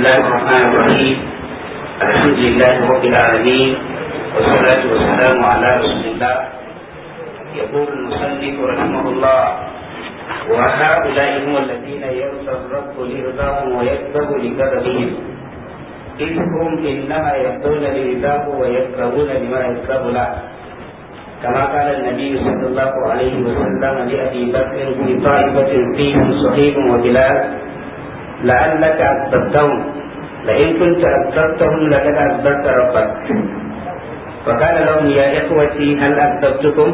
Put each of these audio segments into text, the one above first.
الله الرحمن الرحيم الحمد لله رب العالمين والصلاة والسلام على رسول الله يقول المصنف رحمه الله وهؤلاء هم الذين يرضى الرب لرضاهم ويكره لكرمهم إذ هم إنما يرضون لرضاه ويكرهون لما يكره له كما قال النبي صلى الله عليه وسلم لأبي بكر في طائفة فيهم صحيح وبلاد لعلك azabtahum la كنت kunta لقد laqad ربك فقال لهم يا إخوتي هل أكذبتكم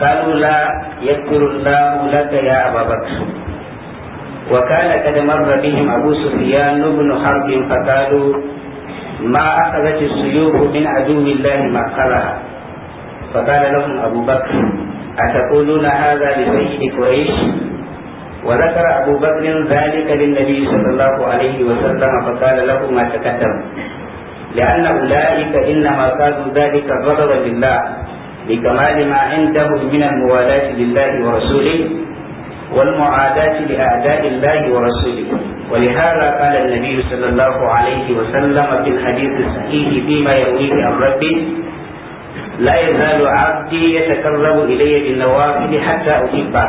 قالوا لا يذكر الله لك يا أبا بكر وكان قد مر بهم أبو سفيان بن حرب فقالوا ما أخذت السيوف من عدو الله ما أخذها فقال لهم أبو بكر أتقولون هذا لسيد قريش وذكر أبو بكر ذلك للنبي صلى الله عليه وسلم فقال له ما تكتم لأن أولئك إنما قالوا ذلك غضبا لله لكمال ما عندهم من الموالاة لله ورسوله والمعاداة لأعداء الله ورسوله ولهذا قال النبي صلى الله عليه وسلم في الحديث الصحيح فيما يرويه عن ربه لا يزال عبدي يتقرب إلي بالنوافل حتى أحبه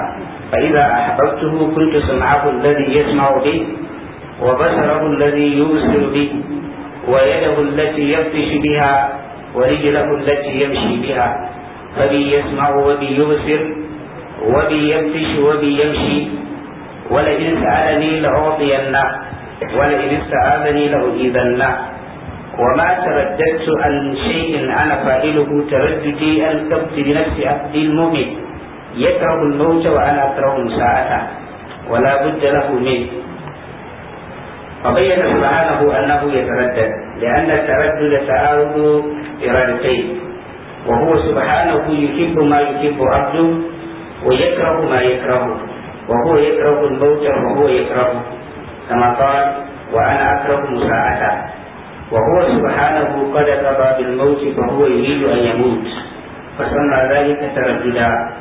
فإذا أحببته كنت سمعه الذي يسمع به وبصره الذي يبصر به ويده التي يبطش بها ورجله التي يمشي بها فبي يسمع وبي يبصر وبي يبطش وبي يمشي ولئن سألني لأعطينه ولئن استعاذني لأجيبنه وما ترددت عن شيء أنا فاعله ترددي أن تبت بنفسي المؤمن يكره الموت وأنا أكره ساعته ولا بد له منه فبين سبحانه أنه يتردد لأن التردد تعارض إرادتين وهو سبحانه يحب ما يحب عبده ويكره ما يكرهه وهو يكره الموت وهو يكرهه كما قال وأنا أكره مساعته وهو سبحانه قد قضى بالموت فهو يريد أن يموت فسمى ذلك ترددا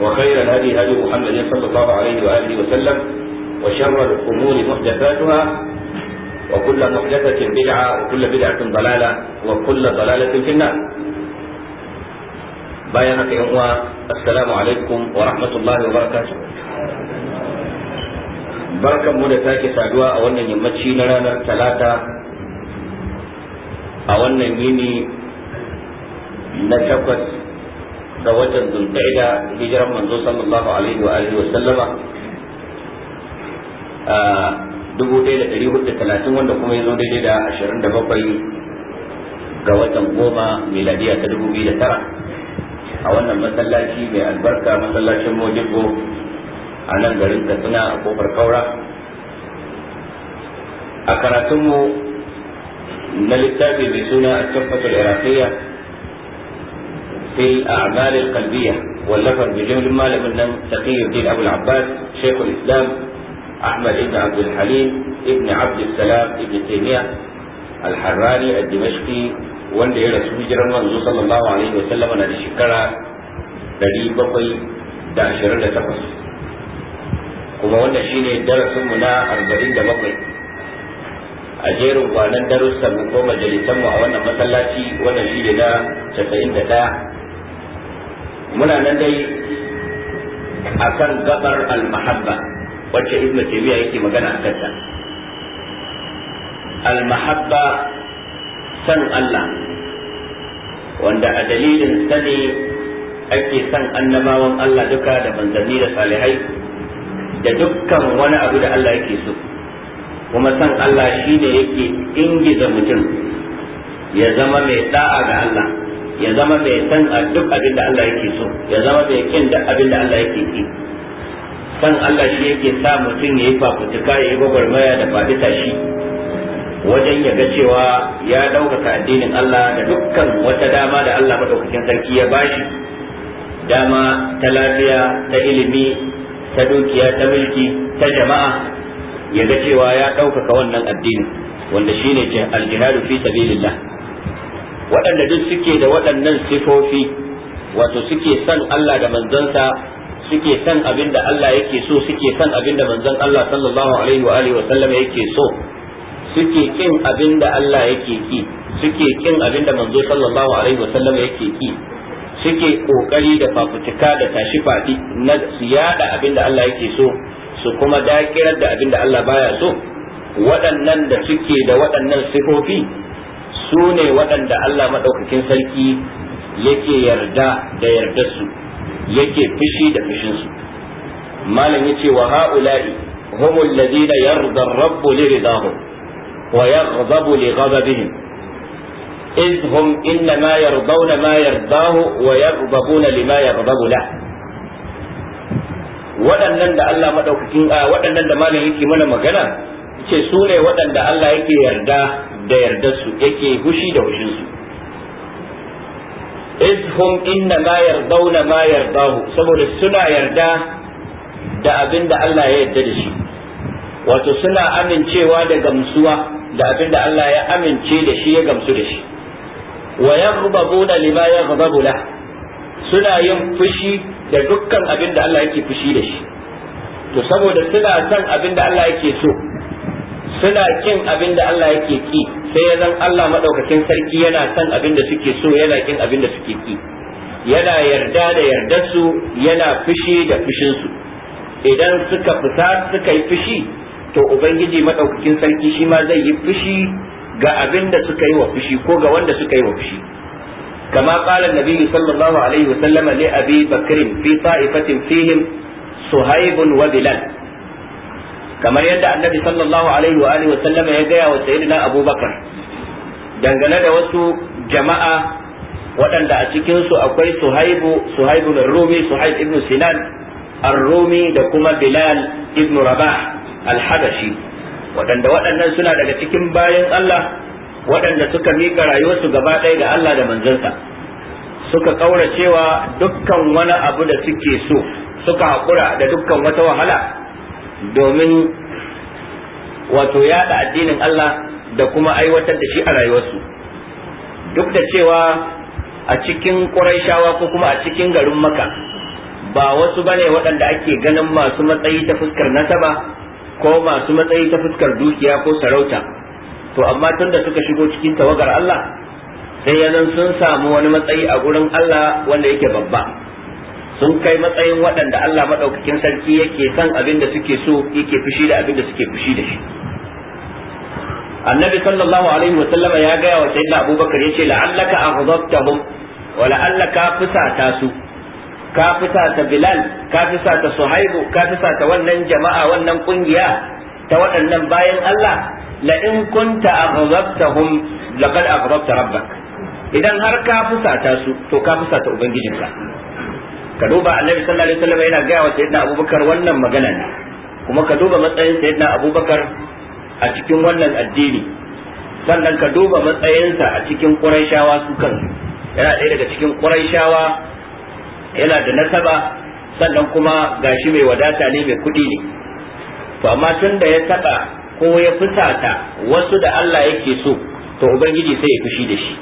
وخير الهدي هدي محمد صلى الله عليه واله وسلم وشر الامور محدثاتها وكل محدثة بدعة وكل بدعة ضلالة وكل ضلالة في النار بيانك يا السلام عليكم ورحمة الله وبركاته بركة mu تاكي سعدوا saduwa يمتشي wannan yammaci na يميني talata na takwas ga watan zulqa'ida hijiran manzo sallallahu alaihi wa alihi wa sallama a 1430 wanda kuma yazo daidai da 27 ga watan goma miladiya ta 2009 a wannan masallaci mai albarka masallacin Mojibbo a nan garin Katsina a kofar Kaura a karatunmu na littafi mai suna a tafasul iraqiyya fil a'mal al-qalbiyya wallafar bijimin malamin nan الدين أبو العباس شيخ islam أحمد بن عبد الحليم ابن عبد السلام ابن تيمية الحراني الدمشقي wanda ya rasu hijirar manzo sallallahu alaihi wa sallam na da shekara 728 kuma wannan shine darasin mu na 47 a jerin kwanan darussan mu ko majalisan mu a wannan masallaci wannan shine na 91 muna nan dai a akan gabar al-mahabba wacce ibn taymiya yake magana a kanta al-mahabba san Allah wanda a dalilin sani ake san annabawan Allah duka da manzanni da salihai da dukkan wani abu da Allah yake so kuma san Allah shine yake ingiza mutum ya zama mai da'a ga Allah ya zama mai san a duk abin da Allah yake so ya zama mai kin da abin da Allah yake ki san Allah shi yake sa mutum ya yi fafutuka ya yi gwagwarmaya da faɗi shi. wajen ya ga cewa ya ɗaukaka addinin Allah da dukkan wata dama da Allah madaukakin sarki ya bashi dama ta lafiya ta ilimi ta dukiya ta mulki ta jama'a ya ga cewa ya ɗaukaka wannan addini wanda shine aljihadu fi sabilillah waɗanda duk suke da waɗannan sifofi wato suke san Allah da manzansa suke san abin da Allah yake so suke san abin da manzon Allah sallallahu alaihi wa alihi wa sallam yake so suke kin abin da Allah yake ki suke kin abin da manzo sallallahu alaihi wa sallam yake ki suke kokari da fafutuka da tashi fadi na su yada abin da Allah yake so su kuma dakirar da abin da Allah baya so waɗannan da suke da waɗannan sifofi su ne waɗanda Allah maɗaukakin sarki yake yarda da yardarsu yake fishi da fishinsu malam ce wa ha'ula'i هم الذين يرضى الرب لرضاهم ويغضب لغضبهم إذ هم إنما يرضون ما يرضاه ويغضبون لما يغضب له waɗannan da Allah maɗaukakin waɗannan da malam yake mana magana ce su ne waɗanda Allah yake yarda da yardarsu yake gushi da su izhum inna ma yardawna ma yardahu saboda suna yarda da abin da Allah ya yarda da shi wato suna amincewa da gamsuwa da abin da Allah ya amince da shi ya gamsu da shi wa da lima yaghdabu la suna yin fushi da dukkan abin da Allah yake fushi da shi to saboda suna son abin da Allah yake so suna kin abin da Allah yake ki sai ya zan Allah madaukakin sarki yana san abin da suke so yana kin abin da suke ki yana yarda da yardarsu yana fushi da fushinsu idan suka fita suka yi fushi to ubangiji madaukakin sarki shi ma zai yi fushi ga abin da suka yi wa fushi ko ga wanda suka yi wa fushi كما قال النبي صلى الله عليه وسلم لأبي بكر في طائفة فيهم صهيب وبلال kamar yadda annabi sallallahu alaihi wa alihi sallama ya gaya wa sayyidina abubakar dangane da wasu jama'a waɗanda a cikinsu akwai suhaibu suhaibu rumi suhaib ibn sinan ar-rumi da kuma bilal ibn rabah al-habashi waɗanda waɗannan suna daga cikin bayan Allah waɗanda suka miƙa su gaba ɗaya ga Allah da manzansa suka ƙaura cewa dukkan wani abu da suke so suka haƙura da dukkan wata wahala domin wato yada addinin Allah da kuma aiwatar da shi a rayuwarsu duk da cewa a cikin ƙuraishawa ko kuma a cikin garin maka ba wasu bane waɗanda ake ganin masu matsayi ta fuskar nasaba ko masu matsayi ta fuskar dukiya ko sarauta to amma tun da suka shigo cikin tawagar Allah sai yanzu sun samu wani matsayi a gurin Allah wanda yake babba sun kai matsayin waɗanda Allah maɗaukakin sarki yake san abin da suke so yake fushi da abin da suke fushi da shi annabi sallallahu alaihi wasallam ya gaya wa sayyidina abubakar yace la'allaka aghdabtahum wa la'allaka fusata su ka fusata bilal ka fusata suhaibu ka fusata wannan jama'a wannan kungiya ta waɗannan bayan Allah la in kunta aghdabtahum laqad aghdabta rabbak idan har ka fusata su to ka fusata ubangijinka ka duba annabi sallallahu alaihi wasallam yana gaya wa sayyidina abubakar wannan magana ne kuma ka duba matsayin sayyidina abubakar a cikin wannan addini sannan ka duba matsayinsa a cikin quraishawa su kan yana ɗaya daga cikin quraishawa yana da nasaba sannan kuma gashi mai wadata ne mai kuɗi ne to amma tun da ya taɓa ko ya fusata wasu da Allah yake so to ubangiji sai ya fushi da shi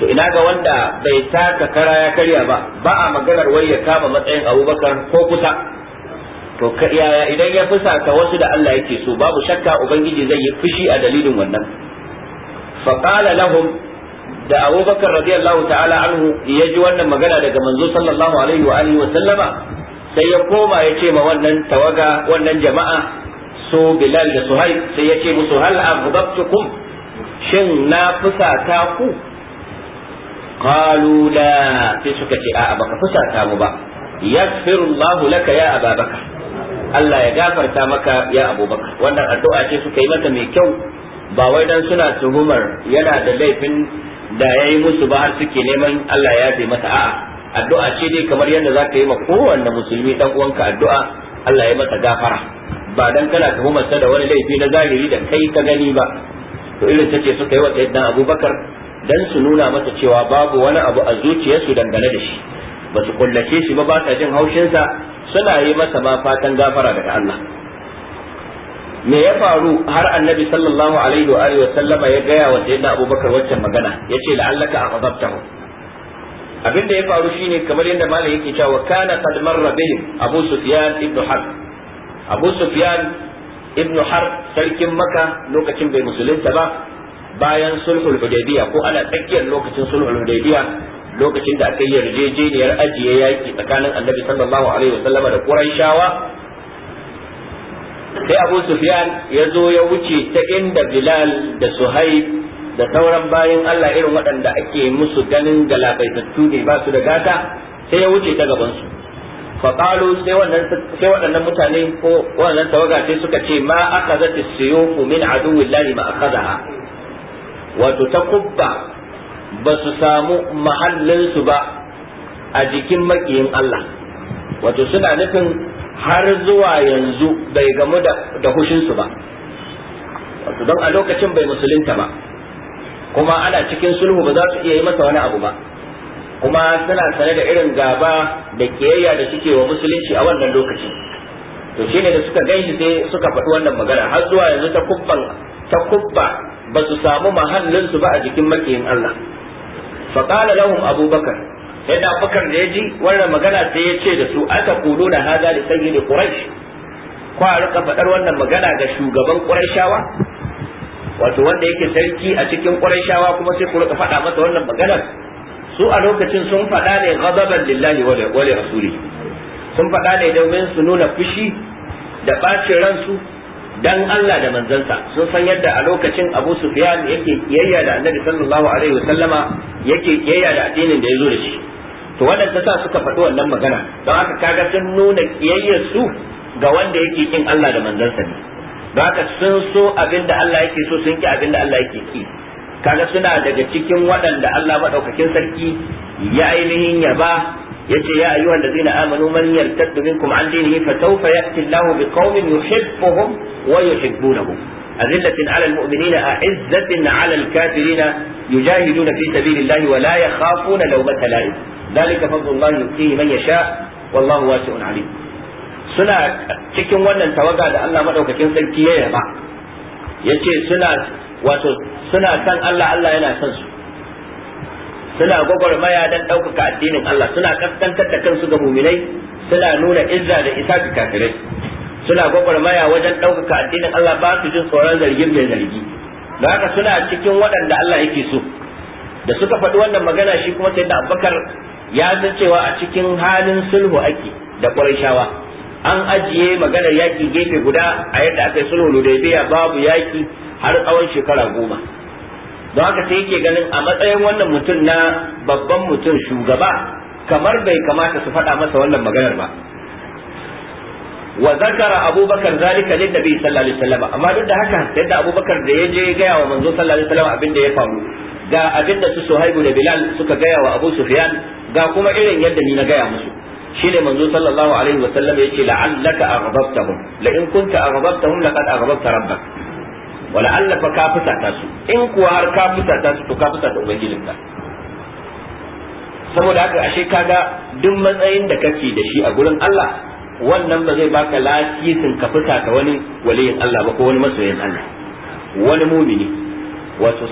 to ina ga wanda bai taka kara ya karya ba ba a maganar wai ya kama matsayin abubakar ko kusa to yaya idan ya fusata wasu da Allah yake so babu shakka ubangiji zai yi fushi a dalilin wannan fa qala lahum da abubakar radiyallahu ta'ala anhu ya ji wannan magana daga manzo sallallahu alaihi wa alihi wa sallama sai ya koma ya ce ma wannan tawaga wannan jama'a so bilal da suhaib sai ya ce musu hal aghdabtukum shin na fusata ku qalu la sai suka ce a'a baka fusata mu ba yaghfirullahu laka ya ababaka Allah ya gafarta maka ya abubakar wannan addu'a ce suka yi mata mai kyau ba wai dan suna tuhumar yana da laifin da yayi musu ba har suke neman Allah ya yafe mata a'a addu'a ce dai kamar yadda zaka yi ma kowanne musulmi dan uwanka addu'a Allah ya mata gafara ba dan kana tuhumar sa da wani laifi na zahiri da kai ka gani ba to irin ce suka yi wa sayyidina Abubakar dan su nuna masa cewa babu wani abu a zuciyarsu dangane da shi ba su kullace shi ba ba sa jin haushinsa suna yi masa ma fatan gafara daga Allah me ya faru har annabi sallallahu alaihi wa alihi wa sallama ya gaya wa sayyidina abubakar waccan magana yace la'allaka aqadabtahu abin ya faru shine kamar yadda malam yake cewa kana qad marra bihim abu sufyan ibn harb abu sufyan ibn harb sarkin makka lokacin bai musulunta ba bayan sulhul hudaybiya ko ana tsakiyar lokacin sulhul hudaybiya lokacin da aka yi yarjejeniyar ajiye yaki tsakanin annabi sallallahu alaihi wasallam da qurayshawa sai abu sufyan ya zo ya wuce ta inda bilal da suhaib da sauran bayan allah irin waɗanda ake musu ganin galabaitattu ne ba su da gata sai ya wuce ta gabansu faƙalu sai waɗannan mutane ko waɗannan tawaga sai suka ce ma aka zata siyo min aduwillahi ma aka wato ta kubba ba su samu mahallinsu ba a jikin makiyin Allah wato suna nufin har zuwa yanzu bai gamu da hushinsu ba wato don a lokacin bai musulunta ba kuma ana cikin sulhu ba za su iya yi masa wani abu ba kuma suna sane da irin gaba da kiyayya da suke wa musulunci a wannan lokacin to shine da suka gaishe sai suka faɗi wannan magana har zuwa yanzu ta kubba ba su samu mahallinsu ba a jikin makiyin Allah faƙala lahum abubakar sai da abubakar da ya ji wannan magana sai ya ce da su aka kulo na haza da sayyidi quraish kwa rika faɗar wannan magana ga shugaban qurayshawa wato wanda yake sarki a cikin qurayshawa kuma sai ku rika faɗa masa wannan maganar su a lokacin sun faɗa ne ghadaban lillahi wa rasuli sun faɗa ne domin su nuna fushi da ɓacin ransu dan Allah da manzansa sun san yadda a lokacin Abu Sufyan yake kiyayya da Annabi sallallahu alaihi wasallama yake kiyayya da addinin da yazo da shi to waɗanda sa suka faɗi wannan magana don haka kaga sun nuna kiyayyar su ga wanda yake kin Allah da manzansa ne don haka sun so abinda Allah yake so sun ki abinda Allah yake ki kaga suna daga cikin waɗanda Allah madaukakin sarki ya ainihin yaba yace ya ayyuhal ladzina amanu man yartadda minkum an dinihi fa sawfa ya'ti Allahu biqaumin yuhibbuhum wa yuhibbunahu أذلة على المؤمنين أعزة على الكافرين يجاهدون في سبيل الله ولا يخافون لومة لائم ذلك فضل الله يؤتيه من يشاء والله واسع عليم suna cikin wannan tawaga da Allah madaukakin sarki ya yaba yace suna wato suna san Allah Allah yana son su suna gwagwarmaya don ɗaukaka addinin Allah suna kaskantar da kansu ga muminai suna nuna izza da isa ga kafirai suna gwagwarmaya wajen ɗaukaka addinin Allah ba su jin tsoron zargin mai zargi don haka suna cikin waɗanda Allah yake so da suka faɗi wannan magana shi kuma sai da Abubakar ya san cewa a cikin halin sulhu ake da Qurayshawa an ajiye maganar yaki gefe guda a yadda aka yi sulhu da babu yaki har tsawon shekara goma don haka sai yake ganin a matsayin wannan mutum na babban mutum shugaba kamar bai kamata su faɗa masa wannan maganar ba wa zakara abubakar zalika lin nabi sallallahu alaihi wasallam amma duk da haka yadda abubakar da yaje gaya wa manzo sallallahu alaihi wasallam abin da ya faru ga abin da su suhaibu da bilal suka gaya wa abu sufyan ga kuma irin yadda ni na gaya musu shine manzo sallallahu alaihi wasallam yace la'allaka aghdabtahum la in kunta aghdabtahum laqad aghdabta rabbak wala Allah fa ka fusata su in kuwa har ka fusata su to ka fusata ka saboda haka ashe kaga duk matsayin da kake da shi a gurin Allah wannan ba zai baka lasisin ka fusata wani waliyin Allah ba ko wani masoyin Allah wani mumini wato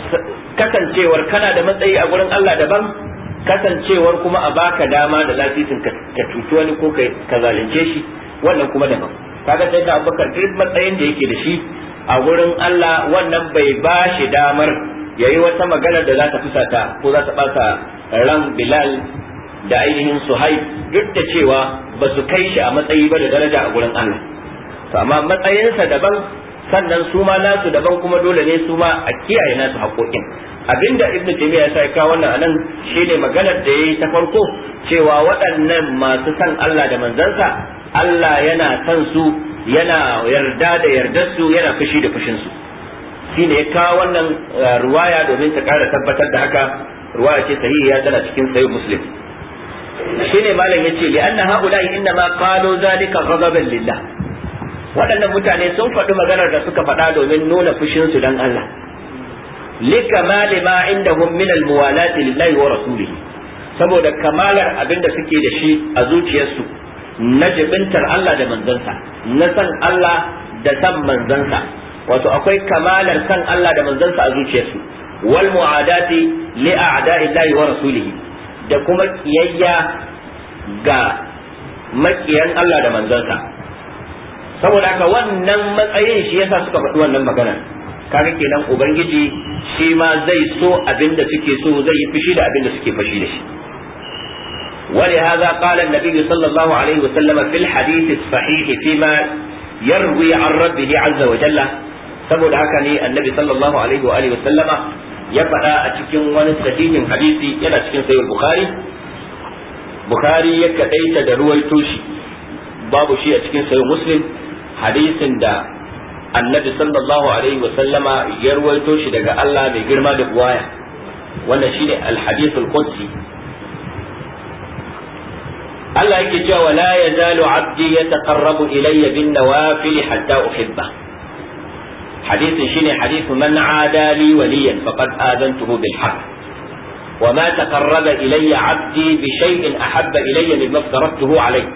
kasancewar kana da matsayi a gurin Allah daban kasancewar kuma a baka dama da lasisin ka cuci wani ko ka zalunce shi wannan kuma daban kaga sai da Abubakar duk matsayin da yake da shi a gurin Allah wannan bai ba shi damar ya yi wata magana da za ta fusata ko za ta ɓata ran Bilal da ainihin Suhaib duk da cewa ba su kai shi a matsayi ba da daraja a gurin Allah to amma matsayinsa daban sannan su ma nasu daban kuma dole ne su ma a kiyaye nasu haƙoƙin abinda Ibn jami'a ya sa kawo wannan anan shine maganar da yayi ta farko cewa waɗannan masu san Allah da manzansa Allah yana san su yana yarda da yardar su yana fushi da fushin su shine ya kawo wannan uh, ruwaya domin ta ƙara tabbatar da haka ruwaya ce sahihiya tana cikin sahih muslim shine malam yace li anna haula inna ma qalu zalika ghadaban lillah waɗannan mutane sun faɗi maganar da suka faɗa domin nuna fushin su dan Allah لكمال ما عندهم من lillahi wa ورسوله saboda kamalar abinda suke da shi a zuciyarsu na jibintar Allah da manzansa na san Allah da san manzansa wato akwai kamalar san Allah da manzansa a zuciyarsu wal mu'adati li Allah wa rasulihi da kuma kiyayya ga makiyan Allah da manzansa saboda haka wannan matsayin shi yasa suka faɗi wannan magana kaga kenan ubangiji shi ma zai so abinda suke so zai yi fushi da abinda suke fushi da shi ولهذا قال النبي صلى الله عليه وسلم في الحديث الصحيح فيما يروي عن ربه عز وجل saboda haka ne annabi sallallahu alaihi wa alihi sallama ya faɗa a cikin wani sahihin hadisi yana cikin sahih bukhari bukhari ya kadaita da ruwaito shi babu shi a cikin sahih muslim hadisin da annabi sallallahu alaihi wa sallama ya ruwaito shi daga Allah mai girma da buwaya wannan shine al-hadith Allah yake cewa la yazalu abdi yataqarrabu ilayya bin nawafil hatta uhibba hadisin shine hadisu man adali waliyan faqad adantuhu bil haqq وما تقرب إلي عبدي بشيء أحب إلي مما افترضته عليه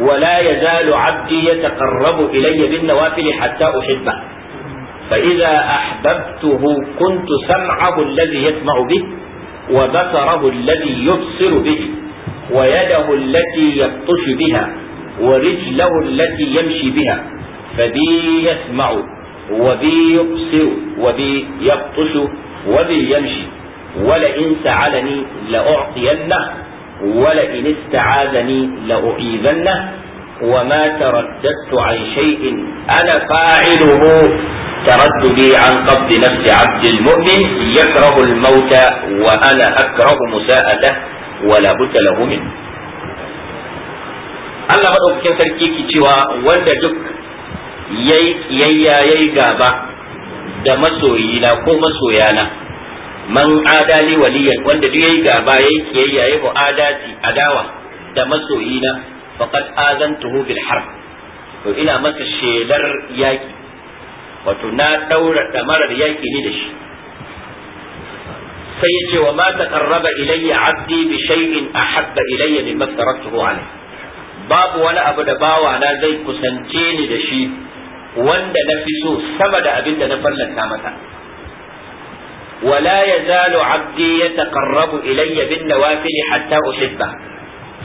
ولا يزال عبدي يتقرب إلي بالنوافل حتى أحبه فإذا أحببته كنت سمعه الذي يسمع به وبصره الذي يبصر به ويده التي يبطش بها ورجله التي يمشي بها فبي يسمع وبي يبصر وبي يبطش وبي يمشي ولئن سعلني لأعطينه ولئن استعاذني لأعيذنه وما ترددت عن شيء أنا فاعله ترددي عن قبض نفس عبد المؤمن يكره الموت وأنا أكره مساءته wala budda lahu min Allah madaukakin sarki ki cewa wanda duk yayi yayi gaba da masoyina ko masoyana man adali waliyan wanda duk yayi gaba yayi kiyayya ko adati, adawa da masoyina faqad azantuhu bil harb to ina masa shelar yaki wato na daura marar yaki ne da shi sai ya ce wa ma taqarraba ilayya 'abdi bi shay'in ahabba ilayya mimma faratuhu alayhi babu wani abu da bawa na zai kusance ni da shi wanda na fi so sama da abin da na fallanta mata ولا يزال عبدي يتقرب إلي بالنوافل حتى أحبه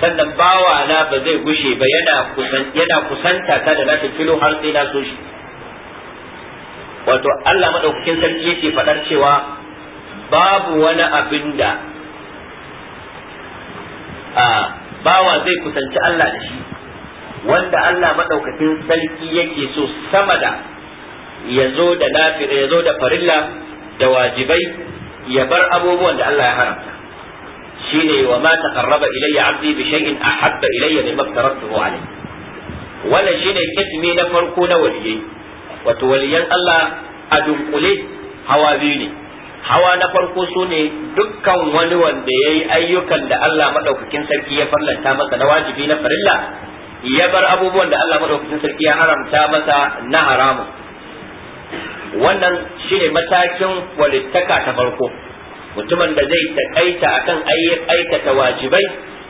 sannan bawa na ba zai gushe ba yana kusanta ta da nafi filo har sai na so shi wato Allah madaukakin sarki yake faɗar cewa babu wani abin da a bawa zai kusanci Allah da shi wanda Allah maɗaukakin sarki yake so sama da ya zo da ya zo da farilla da wajibai ya bar abubuwan da Allah ya haramta shine wa ma taqarraba ilayya 'abdi bi shay'in ahabba ilayya mimma taraktuhu alayhi wannan shine kitmi na farko na waliyai wato waliyan Allah a dunkule hawa biyu ne hawa na farko su ne dukkan wani wanda ya yi ayyukan da Allah maɗaukakin sarki ya farlanta masa na wajibi na farilla ya bar abubuwan da Allah maɗaukakin sarki ya haramta masa na haramun wannan shine matakin walittaka ta farko mutumin da zai taƙaita akan aikata wajibai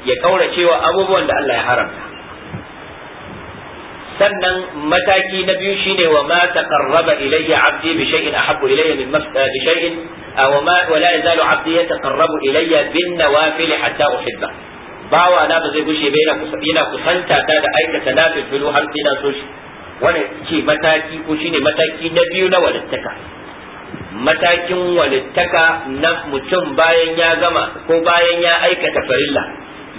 ya cewa abubuwan da Allah ya haramta sannan mataki na biyu shine wa ma taqarraba ilayya 'abdi bi shay'in ahabbu ilayya min bi shay'in aw ma wa la yazalu 'abdi yataqarrabu ilayya bin nawafil hatta uhibba bawa na ba zai gushe ba yana yana kusanta ta da aikata nafilu har sai na so shi wannan ce mataki ko shine mataki na biyu na walittaka matakin walittaka na mutum bayan ya gama ko bayan ya aikata farilla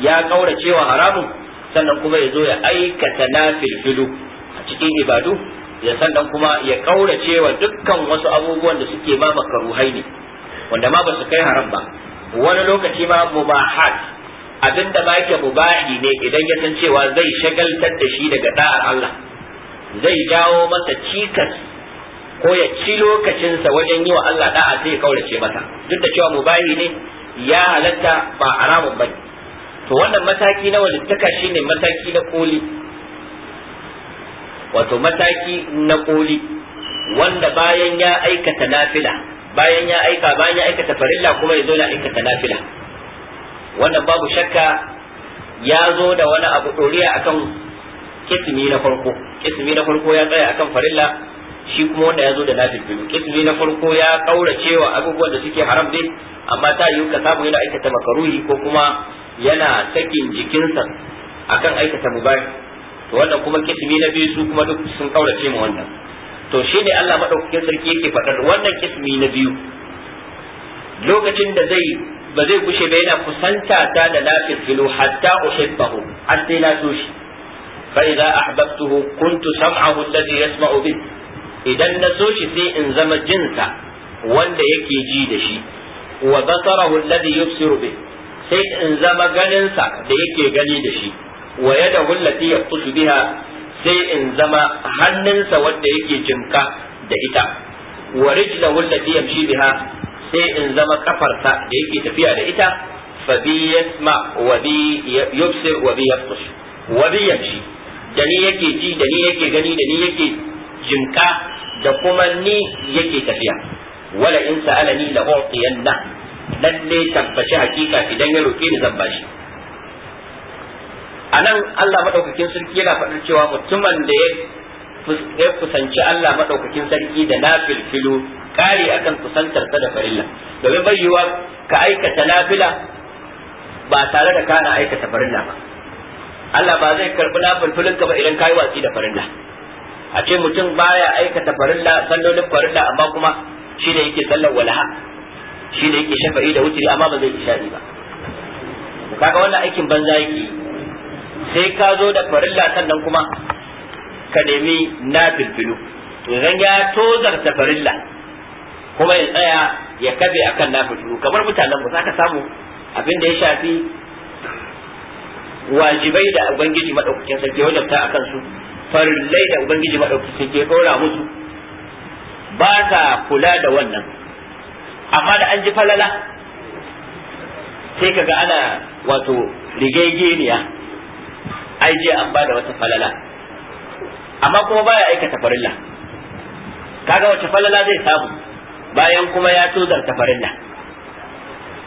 ya kaura cewa haramun sannan kuma ya zo ya aikata na filfilu a cikin ibadu ya sannan kuma ya kaurace wa dukkan wasu abubuwan da suke ma makaruhai ne wanda ma ba su kai haram ba wani lokaci ma mubahat abinda ma yake mubahi ne idan ya san cewa zai shagaltar da shi daga da'ar Allah zai jawo masa cikas ko ya ci lokacinsa wajen yi wa Allah da'a sai ya kaurace masa duk da cewa mubahi ne ya halatta ba haramun bane to wannan mataki na walittaka shine mataki na koli wato mataki na koli wanda bayan ya aikata nafila bayan ya aika bayan ya aikata farilla kuma ya zo na aikata nafila wannan babu shakka ya zo da wani abu doriya akan kismi na farko kismi na farko ya tsaya akan farilla shi kuma wanda ya zo da nafil biyu kismi na farko ya kaura cewa abubuwan da suke haram din amma ta yi ka samu yana aikata makaruhi ko kuma yana sakin jikinsa akan aikata mubari to wannan kuma kismi na biyu su kuma duk sun kaurace mu wannan to shi ne Allah maɗaukakin sarki yake faɗar wannan kismi na biyu lokacin da zai ba zai kushe ba yana kusanta ta da lafiyar filo hatta uhibbahu har sai na so shi fa idza ahbabtuhu kuntu sam'ahu alladhi yasma'u bih idan na so shi sai in zama jinsa wanda yake ji da shi wa basarahu alladhi yubsiru bih sai in zama ganinsa da yake gani da shi wa yada hullati yaqtushu biha sai in zama hannunsa wanda yake jinka da ita wa rijlahu allati yamshi biha sai in zama kafarsa da yake tafiya da ita fa bi yasma wa bi yubsir wa bi yaqtush wa bi yamshi da ni yake ji da ni yake gani da ni yake jinka da kuma ni yake tafiya wala in sa'alani la u'tiyanna lalle tabbaci hakika idan ya roke ni zan bashi anan Allah madaukakin sarki yana faɗar cewa mutumin da ya kusanci Allah madaukakin sarki da nafil filu kare akan kusantar sa da farilla domin bayyuwa ka aikata nafila ba tare da kana aikata farilla ba Allah ba zai karbi nafil filin ka ba idan kai watsi da farilla a ce mutum baya aikata farilla sallolin farilla amma kuma shi da yake sallar walaha shi ne yake shafa'i da wuturi amma ba zai isha'i ba kaga wannan aikin banza yake sai ka zo da farilla sannan kuma ka nemi na bilbilu to zan ya tozarta farilla kuma ya tsaya ya kabe akan na bilbilu kamar mutanen mu zaka samu abin da ya shafi wajibai da ubangiji madaukakin sarki wajabta akan su farillai da ubangiji madaukakin sarki ya kora musu ba ta kula da wannan amma da an ji falala sai kaga ana wato rigegeniya ai je an bada wata falala amma kuma baya aikata farilla kaga wata falala zai samu bayan kuma ya tozarta farilla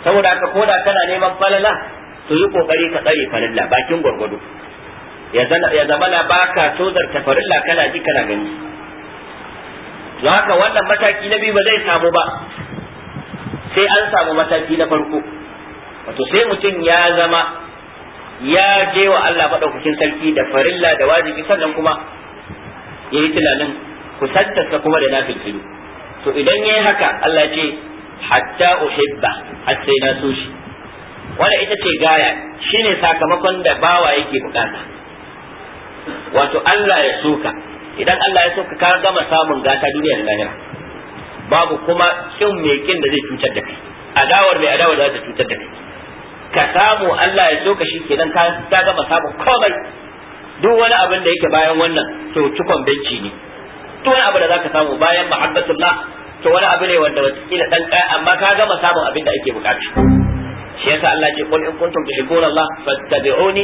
saboda haka koda kana neman falala to yi kokari ka tsare farilla bakin gwargwado ya zama na baka tozarta farilla kana ji kana gani don haka wannan mataki na biyu ba zai samu ba sai an samu mataki na farko wato sai mutum ya zama ya je wa Allah maɗaukakin sarki da farilla da wajibi sannan kuma ya yi tunanin kusantarsa kuma da nafin kilo to idan ya yi haka Allah ce hatta uhibba har sai na so shi wanda ita ce gaya shine sakamakon da bawa yake bukata wato Allah ya soka idan Allah ya soka ka gama samun gata duniyar lahira babu kuma kin mai kin da zai cutar da kai adawar mai adawar za ta cutar da kai ka samu Allah ya so ka shi kenan ka ta gama samu komai duk wani abin da yake bayan wannan to cikon benci ne duk wani abu da zaka samu bayan mahabbatullah to wani abu ne wanda wataƙila dan kai amma ka gama samun abin da ake bukata shi yasa Allah ce qul in kuntum tuhibbuna Allah fattabi'uni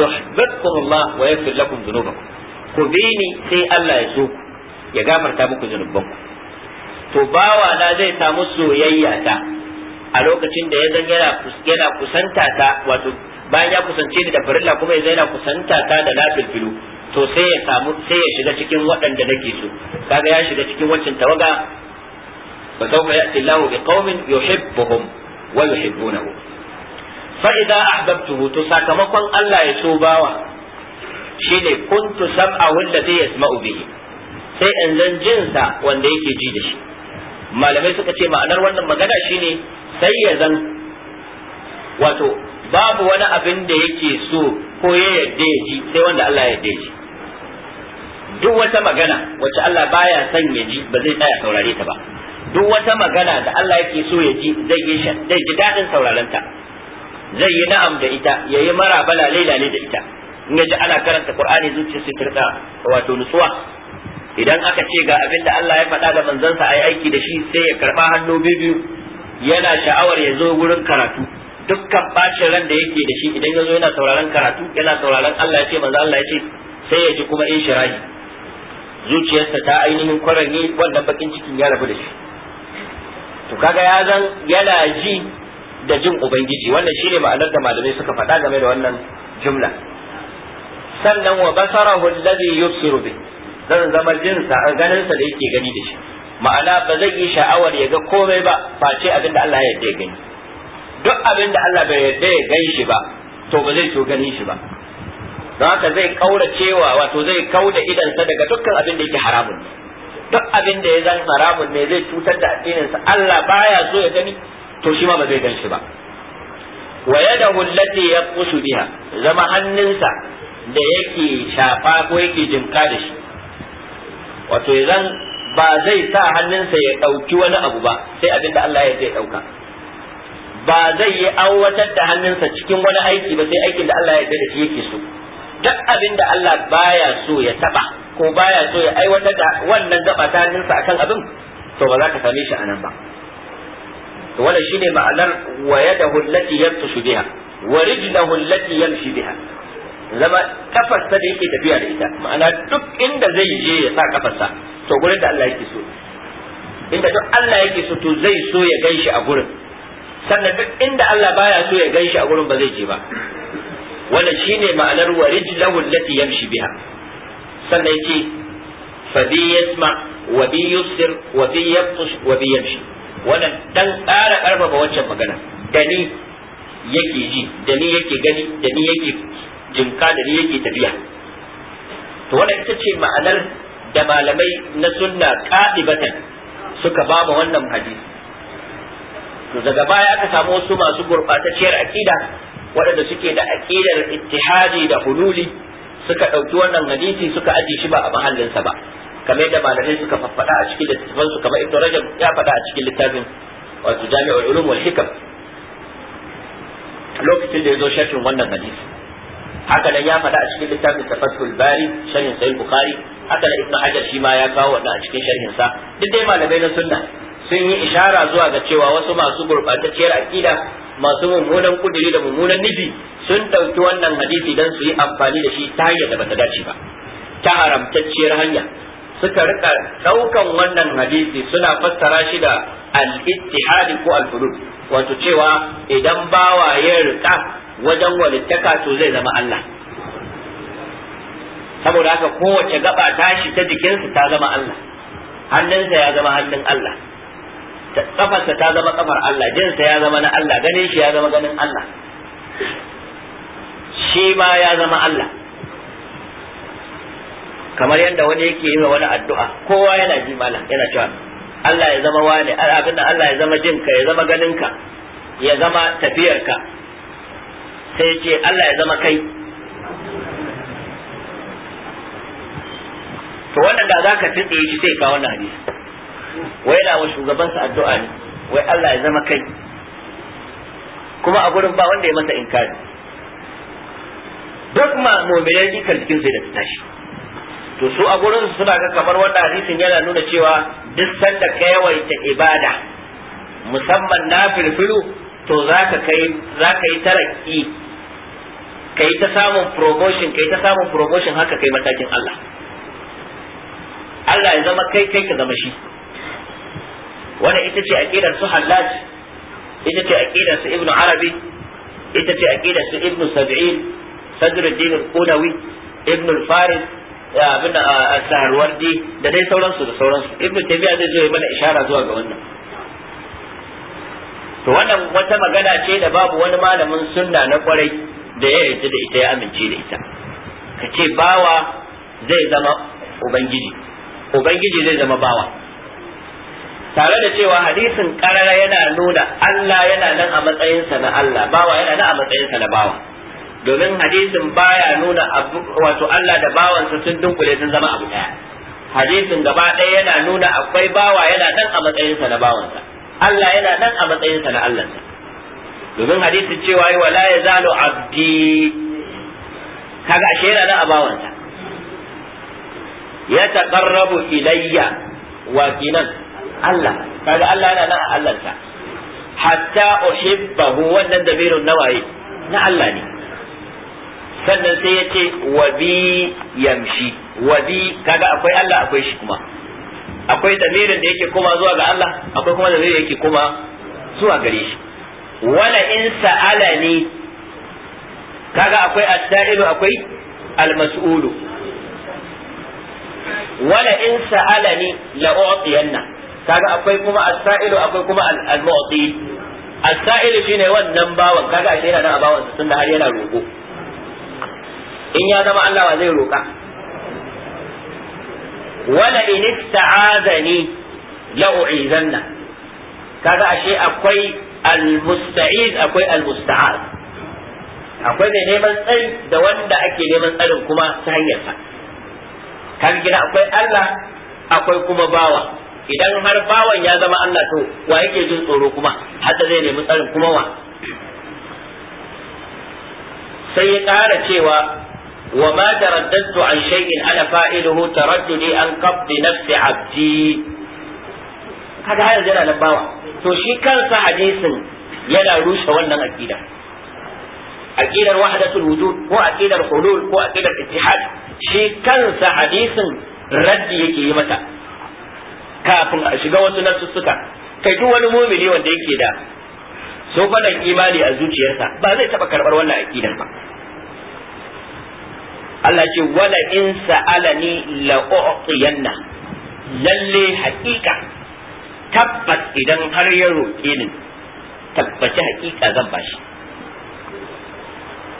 yuhibbukum Allah wa yaghfir lakum dhunubakum ku bi ni sai Allah ya so ya gafarta muku dhunubanku to bawa na zai samu soyayya ta a lokacin da ya zan yana kusanta ta wato bayan ya kusance ni da farilla kuma ya yana kusanta ta da nafilfilu to sai ya samu sai ya shiga cikin waɗanda nake so kaga ya shiga cikin wancan tawaga fa sawfa ya'ti Allahu bi qaumin yuhibbuhum wa yuhibbunahu fa idza ahbabtuhu to sakamakon Allah ya so bawa shine kuntu sam'ahu alladhi yasma'u bihi sai in zan jinsa wanda yake ji da shi malamai suka ce ma'anar wannan magana shine sai ya zan wato babu wani abin da yake so ko ya yarda ya ji sai wanda Allah ya yarda ya ji duk wata magana wacce Allah baya son ya ji ba zai tsaya saurare ta ba duk wata magana da Allah yake so ya ji zai yi zai ji dadin sauraren ta zai yi na'am da ita yayi maraba lalai da ita in ya ji ana karanta Qur'ani zuciya sai ta wato nutsuwa idan aka ce ga abin da Allah ya faɗa da manzansa yi aiki da shi sai ya karɓa hannu biyu yana sha'awar ya zo wurin karatu dukkan bacin ran da yake da shi idan ya zo yana sauraron karatu yana sauraron Allah ya ce manzo Allah ya ce sai ya ji kuma in shirahi zuciyarsa ta ainihin kwaranye wannan bakin cikin ya rabu da shi to kaga ya zan yana ji da jin ubangiji wannan shine ma'anar da malamai suka faɗa game da wannan jumla sannan wa basarahu alladhi yubsiru bihi zan zama jinsa a sa da yake gani da shi ma'ana ba zai yi sha'awar ya ga komai ba face abin da Allah ya yarda ya gani duk abin Allah bai yarda ya gani shi ba to ba zai so gani shi ba don haka zai kaura cewa wato zai kauda sa daga dukkan abin da yake haramun duk abin da ya zan haramun ne zai cutar da addinin sa Allah baya so ya gani to shi ma ba zai gani shi ba wa yadahu allati yaqushu biha zama hannunsa da yake shafa ko yake jinka da shi wato idan ba zai sa hannunsa ya ɗauki wani abu ba sai abinda Allah ya zai ɗauka ba zai yi awatar da hannunsa cikin wani aiki ba sai aikin da Allah ya zai da shi yake so duk abinda Allah baya so ya taba ko baya so ya aiwatar da wannan zaba ta hannunsa akan abin to ba za ka same shi anan ba to wannan shine ma'anar wa yadahu allati yabtashu biha wa rijluhu allati yamshi biha zama kafarsa da yake tafiya da ita ma'ana duk inda zai je ya sa kafarsa to gurin da Allah yake so inda duk Allah yake so to zai so ya gan shi a gurin sannan duk inda Allah baya so ya gan shi a gurin ba zai je ba wannan shine ma'anar wa rijlahu allati yamshi biha sannan yace fa bi yasma wa bi yusir wa bi yabtush wa bi yamshi wannan dan ƙara ƙarfafa wancan magana da ni yake ji da ni yake gani da ni yake jinka da yake tafiya to wannan ita ce ma'anar da malamai na sunna qadibatan suka ba mu wannan hadisi to daga baya aka samu wasu masu gurbatacciyar akida waɗanda suke da akidar ittihadi da hululi suka ɗauki wannan hadisi suka aje shi ba a mahallinsa ba kamar da malamai suka faffada a cikin littafin su kamar ibnu Rajab ya faɗa a cikin littafin wato Jami'ul Ulum wal Hikam lokacin da ya zo shafin wannan hadisi haka nan ya faɗa a cikin littafin tafsirul bari sharhin sahih bukhari haka nan ibnu hajar shi ma ya kawo wannan a cikin sharhin sa duk dai malamai na sunna sun yi ishara zuwa ga cewa wasu masu gurbatacciyar aqida masu mummunan kudiri da mummunan nufi sun ɗauki wannan hadisi dan su yi amfani da shi ta hanyar da bata dace ba ta haramtacciyar hanya suka rika ɗaukan wannan hadisi suna fassara shi da al ittihad ko al-fulud wato cewa idan bawa ya rika wajen walittaka to zai zama Allah saboda haka kowace gaba tashi ta jikinsa ta zama Allah hannunsa ya zama hannun Allah kafarsa ta zama kafar Allah jinsa ya zama na Allah ganin shi ya zama ganin Allah shi ma ya zama Allah kamar yadda wani yake yi wa wani addu'a kowa yana ji mala yana cewa Allah ya zama wani abinda Allah ya zama jinka ya zama ganinka ya zama tafiyarka sai ya ce Allah ya zama kai to wannan da zaka tsitse shi sai ka wannan hadisi wai yana wa shugabansa addu'a ne wai Allah ya zama kai kuma a gurin ba wanda ya masa inkari duk ma mu'minan dukkan cikin sai da su tashi to su a gurin su suna ga kamar wanda hadisin yana nuna cewa duk sanda ka yawaita ibada musamman na firfiru to zaka kai zaka yi tarakki kai ta samun promotion kai ta samun promotion haka kai matakin Allah Allah ya zama kai kai ka zama shi wanda ita ce aqidar su Hallaj ita ce aqidar su Ibn Arabi ita ce aqidar su Ibn Sab'in Sadruddin Qudawi Ibn ya abin Saharwardi da dai sauransu da sauransu Ibn Taymiyyah zai zo ya mana ishara zuwa ga wannan to wannan wata magana ce da babu wani malamin sunna na kwarai da ya yarda da ita ya amince da ita ka ce bawa zai zama ubangiji ubangiji zai zama bawa tare da cewa hadisin karara yana nuna Allah yana nan a matsayinsa na Allah bawa yana nan a matsayinsa na bawa domin hadisin baya nuna wato Allah da bawansa sun dunkule sun zama abu daya hadisin gaba ɗaya yana nuna akwai bawa yana nan a matsayinsa na bawansa Allah yana nan a matsayinsa na Allahnsa domin hadisin cewa yi wala ya zalo abdi kaga ashe yana nan a bawansa ya taqarrabu ilayya wa kinan Allah kaga Allah yana nan a Allahnsa hatta uhibbahu wannan damirun nawaye na Allah ne sannan sai ya ce wa bi yamshi wa bi kaga akwai Allah akwai shi kuma akwai damirin da yake kuma zuwa ga Allah akwai kuma damirin da yake kuma zuwa gare shi wala in sa'alani kaga akwai addaibu akwai Almas'ulu. wala in sa'alani la u'tiyanna kaga akwai kuma as-sa'ilu akwai kuma al-mu'ti as-sa'ilu shine wannan bawan kaga ashe yana nan a bawan da har yana roko in ya zama Allah wa zai roka wala in ista'azani la u'izanna kaga ashe akwai al-musta'id akwai al-musta'ad akwai mai neman tsari da wanda ake neman tsarin kuma ta hanyar hanyarsa kan gina akwai Allah akwai kuma bawa idan har bawan ya zama Allah to wa yake jin tsoro kuma haka zai nemi tsarin kuma wa sai ya ƙara cewa wa ma taraddadtu an shay'in ana fa'iluhu taraddudi an qabdi nafsi abdi kaga har yana nan bawa to shi kansa hadisin yana rushe wannan aqida aqidar wahdatul wujud ko aqidar hulul ko aqidar ittihad shi kansa hadisin raddi yake yi mata kafin a shiga wasu nasussuka kai duk wani mumini wanda yake da so fadan imani a zuciyarsa ba zai taba karbar wannan aqidar ba Allah ce wala in sa'alani la lalle haqiqa tabbas idan har ya roƙe ni tabbaci hakika zan ba shi.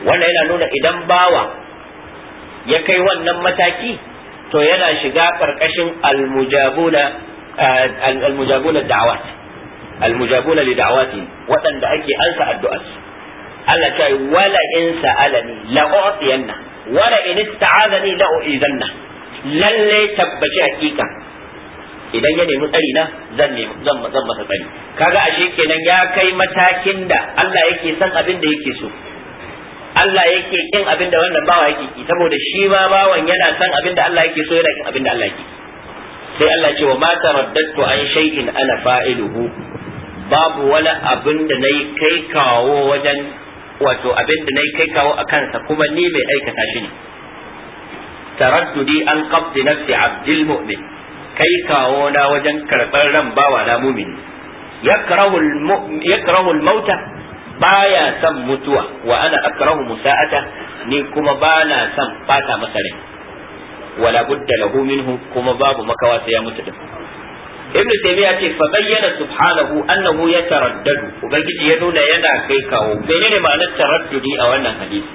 wannan yana nuna idan bawa ya kai wannan mataki to yana shiga ƙarƙashin almujabuna almujabuna da'awat almujabuna li da'awati waɗanda ake ansa addu'as Allah ta yi wala in sa'alani la u'tiyanna wala in ista'azani la u'izanna lalle tabbaci hakika idan ya nemi tsari na zan nemi zan zan masa tsari kaga ashe kenan ya kai matakin da Allah yake san abin da yake so Allah yake kin abin da wannan bawa yake ki saboda shi ma bawan yana san abin da Allah yake so yana kin abin da Allah yake sai Allah ce wa ma taraddatu an shay'in ana fa'iluhu babu wani abin da nayi kai kawo wajen wato abin da nayi kai kawo a kansa kuma ni mai aikata shi ne taraddudi an qabdi nafsi abdul mu'min kai kawo na wajen karɓar ran bawa na mumini mota. mauta baya son mutuwa wa ana akrahu musa'ata ni kuma bana son bata masa rai wala budda lahu minhu kuma babu makawa sai ya mutu din ibn taymiya ce fa bayyana subhanahu annahu yataraddadu ubangiji ya nuna yana kai kawo menene ma'anar taraddudi a wannan hadisi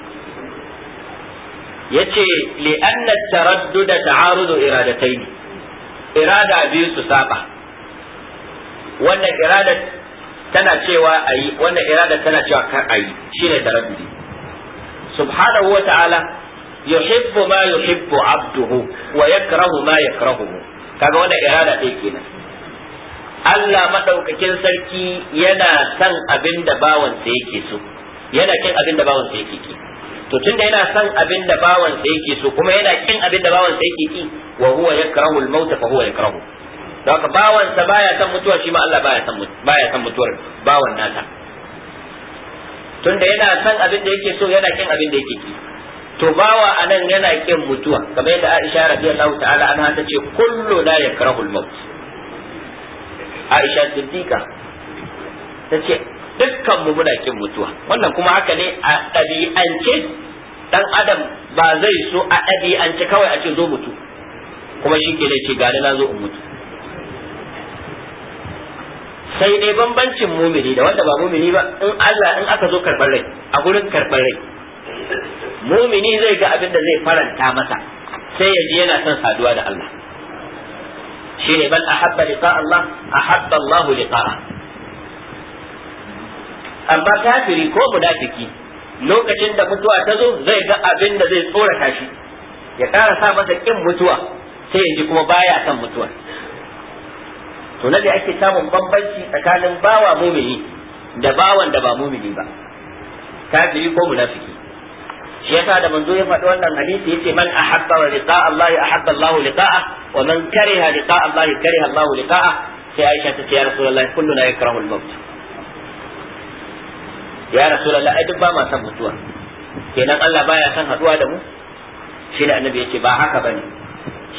yace li anna taradduda ta'arudu iradatayn irada biyu su saba wannan irada tana cewa a yi wannan irada tana cewa kar a yi shine taraddudi subhanahu wa ta'ala yuhibbu ma yuhibbu abduhu wa yakrahu ma yakrahu kaga wannan irada ɗaya kenan Allah madaukakin sarki yana son abin da bawansa yake so yana kin abin da bawansa yake ki to tunda yana son abin da bawan sa yake so kuma yana kin abin da bawan sa yake ki wa huwa yakrahu al-maut fa huwa yakrahu don haka bawan sa baya son mutuwa shi ma Allah baya son baya son mutuwar bawan nasa tunda yana son abin da yake so yana kin abin da yake ki to bawa anan yana kin mutuwa kamar yadda Aisha radiyallahu ta'ala anha ta ce kullu la yakrahu al-maut Aisha siddiqa ta ce dukkan mu muna kin mutuwa wannan kuma haka ne a ɗabi'ance dan adam ba zai so a ɗabi'ance kawai a ce zo mutu kuma shi ke da ce gari na zo in mutu sai dai bambancin mumini da wanda ba mumini ba in Allah in aka zo karɓar rai a gurin karɓar rai mumini zai ga abin da zai faranta masa sai ya ji yana son saduwa da Allah shine bal ahabba liqa Allah ahabba Allah liqa'a amma kafiri ko munafiki lokacin da mutuwa ta zo zai ga abin da zai tsorata shi ya ƙara sa masa ƙin mutuwa sai ya ji kuma baya son mutuwa to da ake samun bambanci tsakanin bawa mumini da bawan da ba mumini ba kafiri ko munafiki shi yasa da manzo ya faɗi wannan hadisi yace man ahabba liqa'a Allah ahabba Allah liqa'a wa man kariha liqa'a Allah kariha Allah liqa'a sai Aisha ta ce ya Rasulullahi kulluna yakrahu al-maut ya rasulullah ai duk ba ma san mutuwa kenan Allah baya san haduwa da mu shi da annabi yake ba haka bane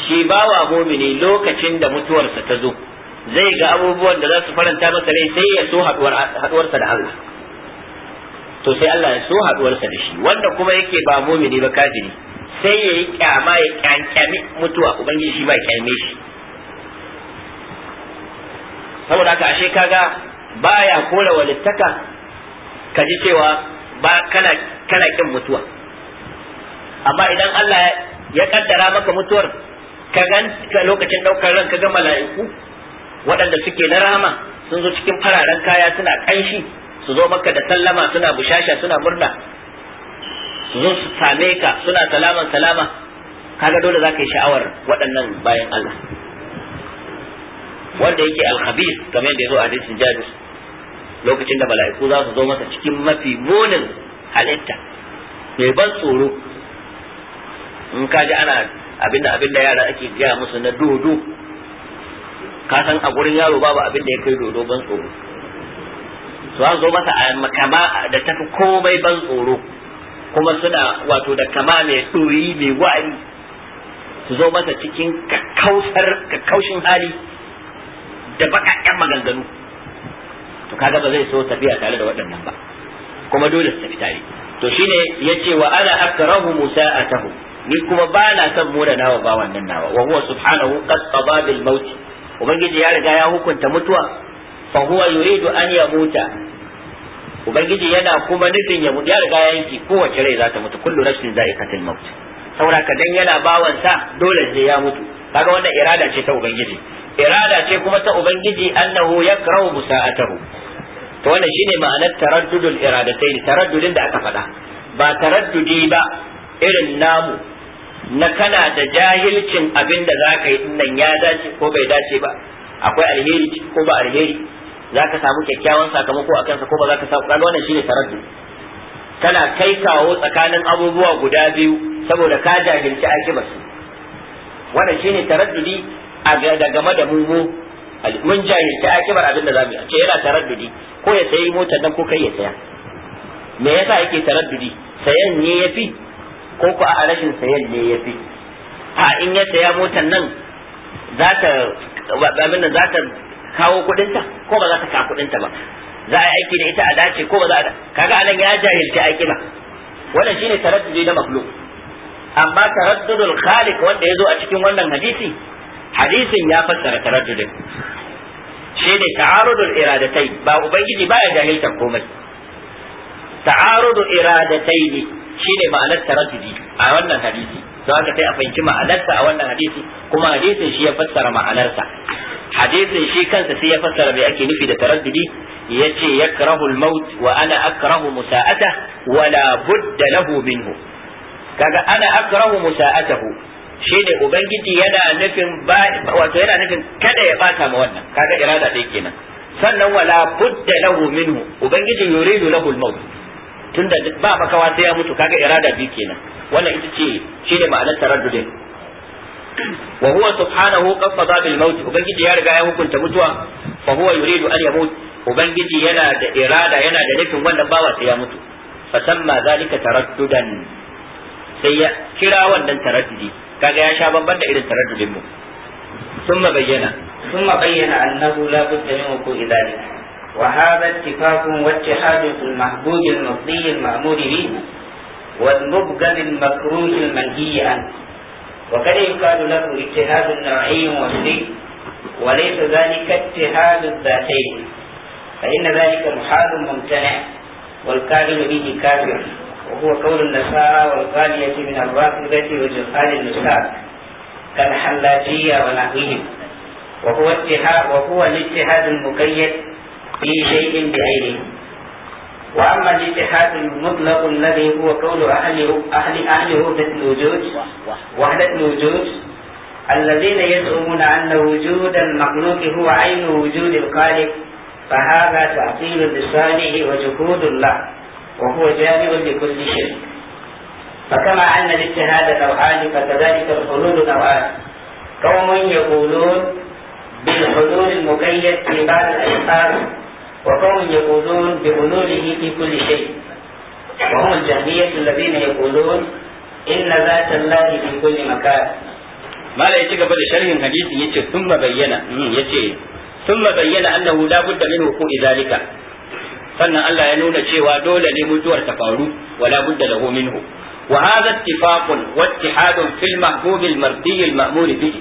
shi bawa mumini lokacin da mutuwarsa ta zo zai ga abubuwan da za su faranta masa rai sai ya so haduwarsa da Allah to sai Allah ya so haduwarsa da shi wanda kuma yake ba mumini ba kafiri sai ya yi kyama ya kyankyami mutuwa ubangiji shi ba ya kyame shi saboda haka ashe kaga baya kora walittaka ka ji cewa ba kana kana kin mutuwa amma idan Allah ya kaddara maka mutuwar ka ka lokacin daukar ran ka ga mala'iku waɗanda suke na rama sun zo cikin fararen kaya suna kanshi su zo maka da sallama suna bushasha suna murna su zo su same ka suna salaman salama kaga dole zaka yi sha'awar waɗannan bayan Allah wanda yake al-khabir kamar yadda ya zo a hadisin Jabir lokacin da mala'iku za su zo masa cikin mafi munin halitta mai ban tsoro in ka ji ana abinda abinda yara ake gaya musu na dodo ka san a gurin yaro babu abin ya kai dodo ban tsoro su za su zo masa a makama da tafi komai ban tsoro kuma suna wato da kama mai ɗoyi mai wa'ani su zo masa cikin kakkaushin hali da yan maganganu to kaga ba zai so tafiya tare da waɗannan ba kuma dole su tafi tare to shine yace wa ana akrahu musa'atahu ni kuma ba na son mura nawa ba wannan nawa wa huwa subhanahu qad qada bil maut ubangiji ya riga ya hukunta mutuwa fa huwa yuridu an yamuta ubangiji yana kuma nufin ya mutu ya riga ya yanki kowace rai za ta mutu kullu nafsin za'iqatul maut saboda ka dan yana bawansa dole sai ya mutu kaga wannan irada ce ta ubangiji irada ce kuma ta ubangiji annahu yakrahu musa'atahu to wannan shine ma'anar taraddudul iradatai taraddudin da aka faɗa ba taraddudi ba irin namu na kana da jahilcin abin da za ka yi nan ya dace ko bai dace ba akwai alheri ko ba alheri za ka samu kyakkyawan sakamako a kansa ko ba za ka samu kaga wannan shine taraddud kana kai kawo tsakanin abubuwa guda biyu saboda ka jahilci akibarsu wannan shine taraddudi a game da mu mun jahilta akibar abin da zamu yi ce yana taraddudi ko ya sayi motar nan ko kai ya saya me yasa yake taraddudi sayan ne yafi ko ko a rashin sayan ne yafi a in ya saya motar nan za ta abin da za ta kawo kudin ta ko ba za ta kawo kudin ta ba za a yi aiki da ita a dace ko ba za a kaga anan ya jahilta akiba wannan shine taraddudi na makhluq amma taraddudul khaliq wanda yazo a cikin wannan hadisi hadisin ya fassara taraddudin shi ne ta'arudul iradatai ba ubangiji ba ya jahiltar komai ta'arudul iradatai ne shi ne ma'anar taraddudi a wannan hadisi don haka sai a fahimci ma'anarsa a wannan hadisi kuma hadisin shi ya fassara ma'anarsa hadisin shi kansa sai ya fassara bai ake nufi da taraddudi yace yakrahu al-maut wa ana akrahu musa'ata wala budda lahu minhu kaga ana akrahu musa'atahu shine ubangiji yana nufin ba wato yana nufin kada ya bata ma wannan kaga irada dai kenan sannan wala budda lahu minhu ubangiji yuridu lahu al-maut tunda ba makawa sai ya mutu kaga irada bi kenan wannan ita ce shine ma'anar taraddudin wa huwa subhanahu qaddada bil maut ubangiji ya riga ya hukunta mutuwa fa huwa yuridu an yamut ubangiji yana da irada yana da nufin wannan bawa sai ya mutu fa samma zalika taraddudan sai ya kira wannan taraddudi kaga ya sha bamban da irin taraddudin mu ثم بين ثم بين أنه لا بد من وقوع ذلك وهذا اتفاق واتحاد في المحبوب المرضي المأمور به والمبغض المكروه المنهي عنه وقد يقال له اتحاد نوعي وصلي وليس ذلك اتحاد الذاتين فإن ذلك محال ممتنع والكافر به كافر وهو قول النصارى والغالية من الرافضة وجهال النساء كالحلاجية ونحوهم وهو اتحاد وهو الاجتهاد المقيد في شيء بعينه واما الاتحاد المطلق الذي هو قول اهل اهل اهل وحدة الوجود وحدة الوجود الذين يزعمون ان وجود المخلوق هو عين وجود الخالق فهذا تعطيل لصالحه وجهود الله وهو جانب لكل شيء فكما أن الاجتهاد نوعان فكذلك الحلول نوعان قوم يقولون بالحلول المقيد في بعض الأشخاص وقوم يقولون بحلوله في كل شيء وهم الجهمية الذين يقولون إن ذات الله في كل مكان ما لا يتيك بل شرح الحديث يتي ثم بينا يتي ثم بينا أنه لا بد من وقوع ذلك sannan Allah ya nuna cewa dole ne mutuwar ta faru wala budda lahu minhu wa hadha ittifaqun wa ittihadun fil mahbub al mardi al ma'mur bihi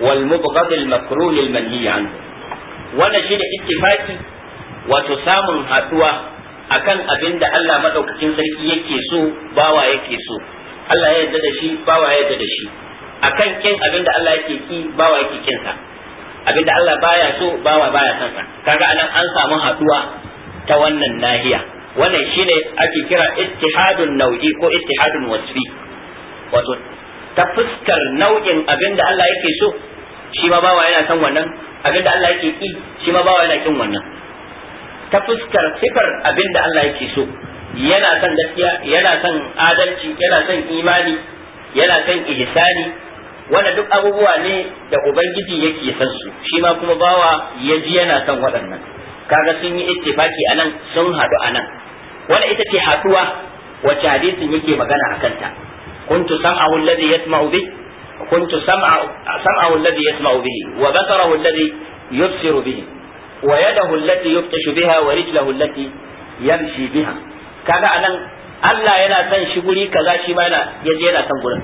wal mubghad al makruh al manhi anhu wannan shine ittifaqi wato samun haduwa akan abin da Allah madaukakin sarki yake so bawa yake so Allah ya yarda da shi bawa ya yarda da shi akan kin abin da Allah yake ki bawa yake kin sa abin da Allah baya so bawa baya son sa kaga anan an samu haduwa ta wannan nahiya wannan shine ake kira ittihadun nau'i ko ittihadun wasfi wato ta fuskar nau'in abinda Allah yake so shi ma bawa yana san wannan abinda Allah yake ki shi ma bawa yana kin wannan ta fuskar sifar abinda Allah yake so yana son gaskiya yana son adalci yana son imani yana son ihsani wannan duk abubuwa ne da ubangiji yake san su shi ma kuma bawa ya ji yana son waɗannan kaga sun yi ittifaki nan sun haɗu nan, wani ita ce haɗuwa wacce hadisin yake magana akan ta kuntu sam'ahu alladhi yasma'u bi kuntu sam'ahu alladhi yasma'u bihi wa basarahu alladhi yubsiru bihi wa yadahu allati yubtashu biha wa rijluhu allati yamshi biha kaga anan Allah yana son shi guri kaza shi ma yana yaje yana son gurin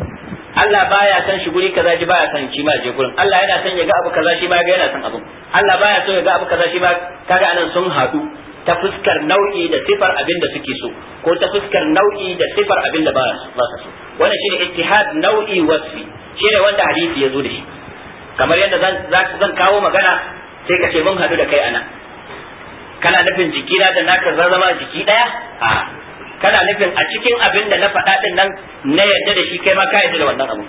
Allah baya san shi guri kaza shi baya san shi ma je gurin Allah yana son ya ga abu kaza shi ma ga yana son abu. Allah baya son ya ga abu kaza shi ma kaga anan sun haɗu ta fuskar nau'i da sifar abin da suke so ko ta fuskar nau'i da sifar abin da ba su so wannan shine ittihad nau'i wasfi shine wanda hadisi ya zo da shi kamar yadda zan zan kawo magana sai ka ce mun haɗu da kai ana kana nufin na da naka zama jiki daya a kana nufin a cikin abin da na faɗa ɗin nan na yarda da shi kai ma ka yarda da wannan abu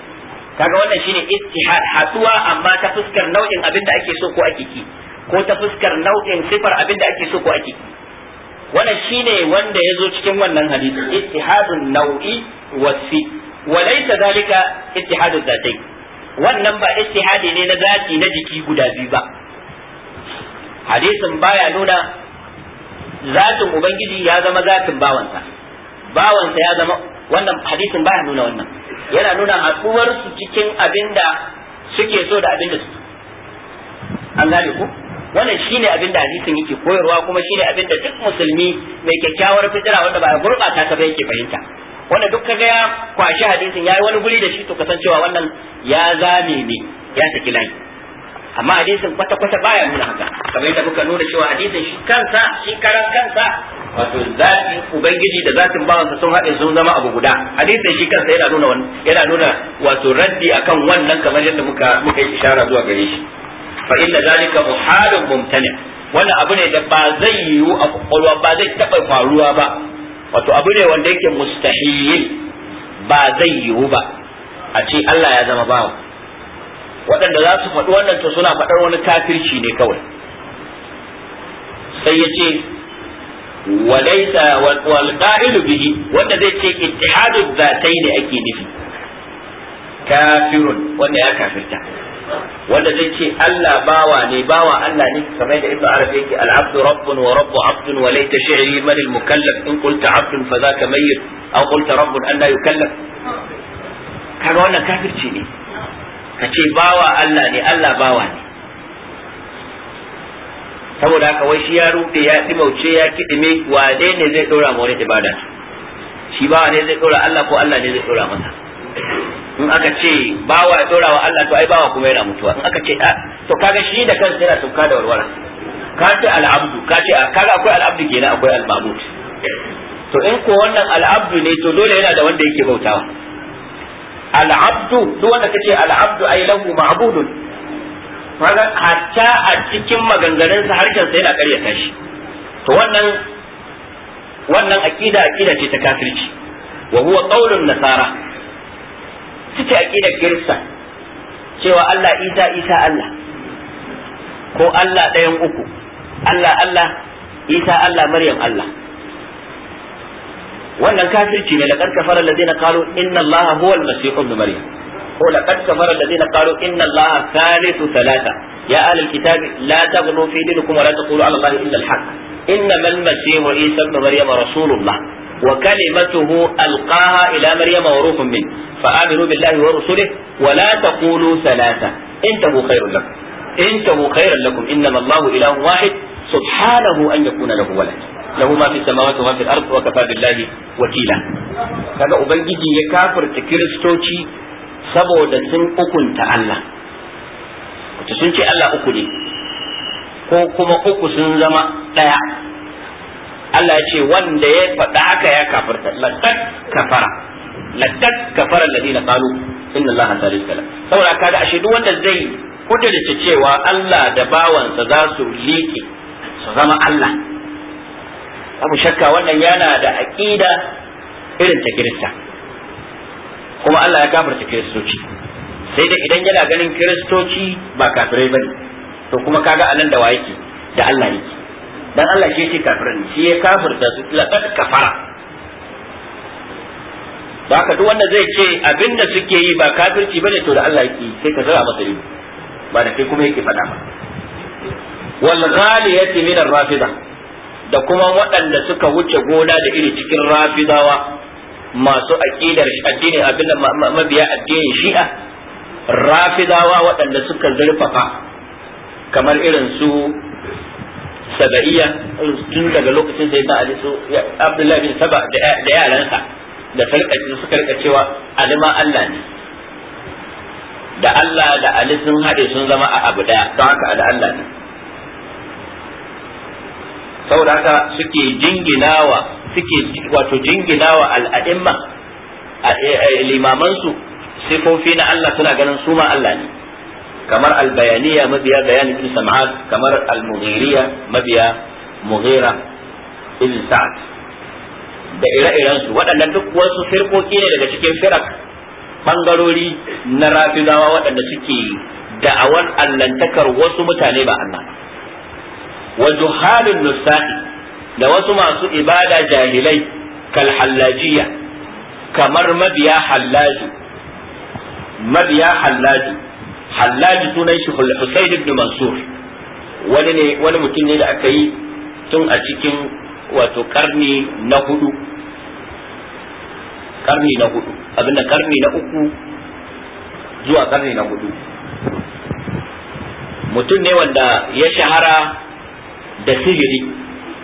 kaga wannan shine ittihad hatsuwa amma ta fuskar nau'in abin da ake so ko ake ki ko ta fuskar nau'in sifar abin da ake so ko ake ki wannan shine wanda ya zo cikin wannan hadisi ittihadun nau'i wasi wa laysa zalika ittihadu zatai wannan ba ittihadi ne na zati na jiki guda biyu ba hadisin baya nuna zatin ubangiji ya zama zatin bawansa bawansa ya zama wannan hadisin baya nuna wannan yana nuna haɗuwar su cikin abinda suke so da abinda su an gane ku wannan shine abinda hadisin yake koyarwa kuma shine abinda duk musulmi mai kyakkyawar fitira wanda ba gurbata ta ba yake fahimta Wannan duk kaga ya kwashi hadisin yayi wani guri da shi to kasancewa wannan ya zame ne ya saki layi amma hadisin kwata kwata baya nuna haka kamar yadda muka nuna cewa hadisin shi kansa shi karan kansa wato zatin ubangiji da zatin bawansa sun haɗe sun zama abu guda hadisin shi kansa yana nuna yana nuna wato raddi akan wannan kamar yadda muka muka yi ishara zuwa gare shi fa inna zalika muhalun mumtani wannan abu ne da ba zai yiwu a kwakwalwa ba zai taɓa faruwa ba wato abu ne wanda yake mustahil ba zai yiwu ba a ce Allah ya zama bawa waɗanda za su faɗi wannan to suna faɗar wani kafirci ne kawai sai ya ce walaisa wal qa'ilu bihi wanda zai ce ittihadu zatai ne ake nufi kafirun wanda ya kafirta wanda zai ce Allah bawa ne bawa Allah ne kamar da Ibn Arabi yake al-abdu rabbun wa rabbu abdun wa laita shi'ri man al-mukallaf in qulta abdun fa zaka mayyit aw qulta rabbun anna yukallaf kaga wannan kafirci ne ka ce bawa Allah ne Allah bawa ne saboda haka wai shi ya rufe ya dimauce ya kidime wane ne zai dora ma wani ibada shi bawa ne zai dora Allah ko Allah ne zai dora masa in aka ce bawa ya dora wa Allah to ai bawa kuma yana mutuwa in aka ce ah, to kaga shi da kansa yana tuka da warwara ka ce al'abdu ka ce kaga akwai al'abdu kenan akwai al to in ko wannan al'abdu ne to dole yana da wanda yake bautawa al'abdu duk wanda kace al'abdu ai lahu ma'budun kaga hatta a cikin maganganun sa harshen sa yana karyata shi to wannan wannan aqida ce ta kafirci wa huwa qaulun nasara suke aqida girsa cewa Allah Isa Isa Allah ko Allah ɗayan uku Allah Allah Isa Allah Maryam Allah wannan kafirci ne laqad kafara alladhina qalu inna allaha huwa al-masih ibn maryam ko laqad kafara alladhina qalu inna allaha thalithu thalatha ya ahli al-kitab la taghlu fi dinikum wa la taqulu ala allahi illa al innama al isa ibn maryam rasulullah وكلمته ألقاها إلى مريم وروح منه فآمنوا بالله ورسله ولا تقولوا ثلاثة انتهوا خير لكم انتهوا خيرا لكم إنما الله إله واحد سبحانه أن يكون lahu ما في السماوات وما في الارض وكفى بالله وكيلا billahi wakila kaga ubangiji ya kafirta kiristoci saboda sun ukunta Allah wato sun ce Allah uku ne ko kuma uku sun zama daya Allah ya ce wanda ya faɗa haka ya kafirta laqad kafara laqad kafara alladhina qalu inna Allaha thalith kalam saboda kaga ashe duk wanda zai kudurce cewa Allah da bawansa za su liƙe su zama Allah abu shakka wannan yana da aqida irin ta kirista kuma Allah ya gafarta kiristoci sai da idan yana ganin kiristoci ba kafirai bane to kuma kaga anan da waye ke da Allah yake dan Allah shi yake kafirin shi ya kafirta su laqad kafara da haka duk wanda zai ce abinda suke yi ba kafirci bane to da Allah yake sai ka zara masa ba da kai kuma yake fada ba wal ghaliyati min ar-rafida da kuma waɗanda suka wuce gona da iri cikin rafidawa masu aƙidar addinin abin da mabiya addinin shi'a rafidawa waɗanda suka zurfafa kamar irin su saba'iyya tun daga lokacin sai da ali su abdullahi bin saba da yaransa da suka rika cewa alima allah ne da allah da ali sun haɗe sun zama a abu daya don haka da allah ne saboda haka suke jingilawa suke wato jinginawa al'a'imma limamansu sifofi na Allah suna ganin su ma Allah ne kamar albayaniya mabiya bayani ibn sam'ad kamar almughiriya mabiya mughira ibn sa'ad da ire-iren su waɗannan duk wasu firkoki ne daga cikin firak bangarori na rafidawa waɗanda suke da'awar allantakar wasu mutane ba Allah wa juharin nusa'i da wasu masu ibada jahilai kal hallajiya kamar mabiya hallaju mabiya hallaju hallaju sunan shi Husayn ibn Mansur wani ne wani mutum ne da aka yi tun a cikin wato karni na hudu karni na hudu abinda karni na uku zuwa karni na hudu mutum ne wanda ya shahara da sihiri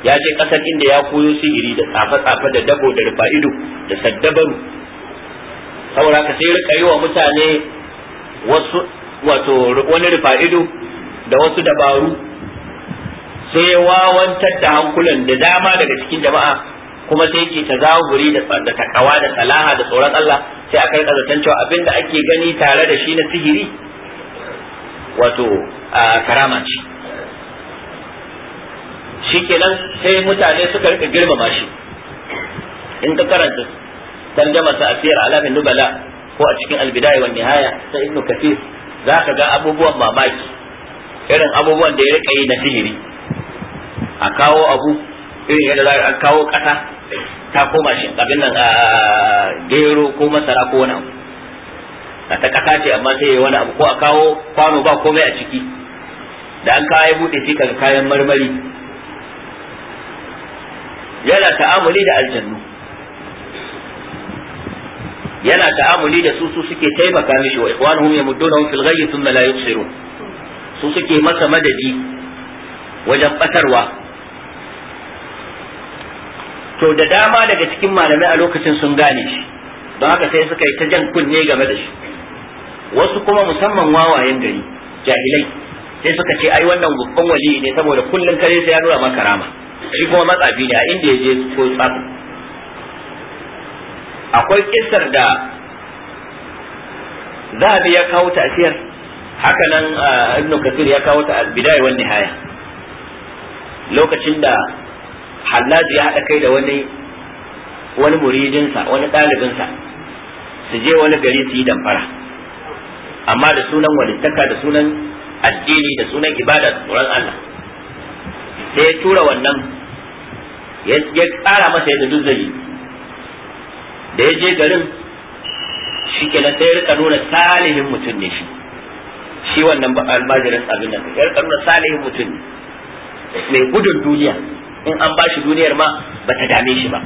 ya je kasar inda ya koyo sihiri da tsafe-tsafe da dabo da ido da saddabaru saboda ka sai rika yi wa mutane wasu wato wani da wasu dabaru sai wawantar da hankulan da dama daga cikin jama'a kuma sai ke ta zahuri da da takawa da salaha da tsoron Allah sai aka rika zaton cewa abinda ake gani tare da shi na sihiri wato karama ce shikenan sai mutane suka rika girmama shi in ka karanta tarjama sa asir alamin nubala ko a cikin albidaya wan nihaya sai ibnu kafir zaka ga abubuwan mamaki irin abubuwan da ya rika yi na sihiri a kawo abu irin yadda za a kawo kasa ta koma shi abin nan a gero ko masara ko wani abu a ta kasa ce amma sai wani abu ko a kawo kwano ba komai a ciki da an kawo ya bude shi kaga kayan marmari yana ta'amuli da aljannu yana ta'amuli da su su suke taimaka mishi wa ikwanuhum yamuddunahum fil ghayyi thumma la yubsirun su suke masa madadi wajen batarwa to da dama daga cikin malamai a lokacin sun gane shi don haka sai suka yi ta jan kunne game da shi wasu kuma musamman wawayen gari jahilai sai suka ce ai wannan babban wali ne saboda kullum kare sai ya nuna maka karama shi kuma matsafi ne a inda ya je ko tsaf akwai kisar da zahabi ya kawo ta haka nan ibn kasir ya kawo ta Al-Bidai wani nihaya lokacin da hallaji ya haɗa kai da wani wani muridinsa wani ɗalibinsa su je wani gari su yi damfara amma da sunan walittaka da sunan addini da sunan ibada da tsoron Allah sai ya tura wannan ya tsara masa yadda duk zai da ya je garin shi kenan sai rika nuna salihin mutum ne shi shi wannan ba almajirin abin nan ya rika nuna salihin mutum ne mai gudun duniya in an ba shi duniyar ma ba ta dame shi ba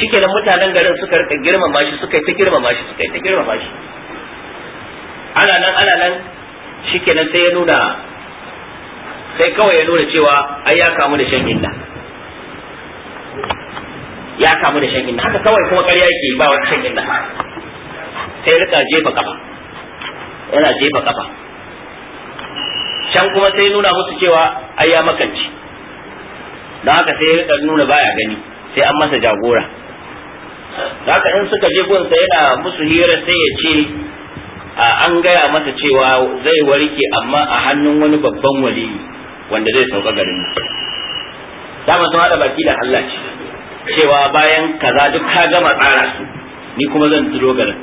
shi nan mutanen garin suka rika girmama shi suka yi ta girmama shi suka yi ta girmama shi ana nan ana nan shi nan sai ya nuna sai kawai ya nuna cewa ai ya kamu da shan inna ya kamu da shan inna haka kawai kuma ƙarya yake ba wani shan inna sai rika jefa kafa yana jefa kafa can kuma sai nuna musu cewa ai ya makanci don haka sai rika nuna baya gani sai an masa jagora haka in suka je gunsa yana musu hira sai ya ce an gaya masa cewa zai warke amma a hannun wani babban waliyi wanda zai sauka garin dama sun hada baki da Allah ce cewa bayan kaza duk ka gama tsara su ni kuma zan turo garin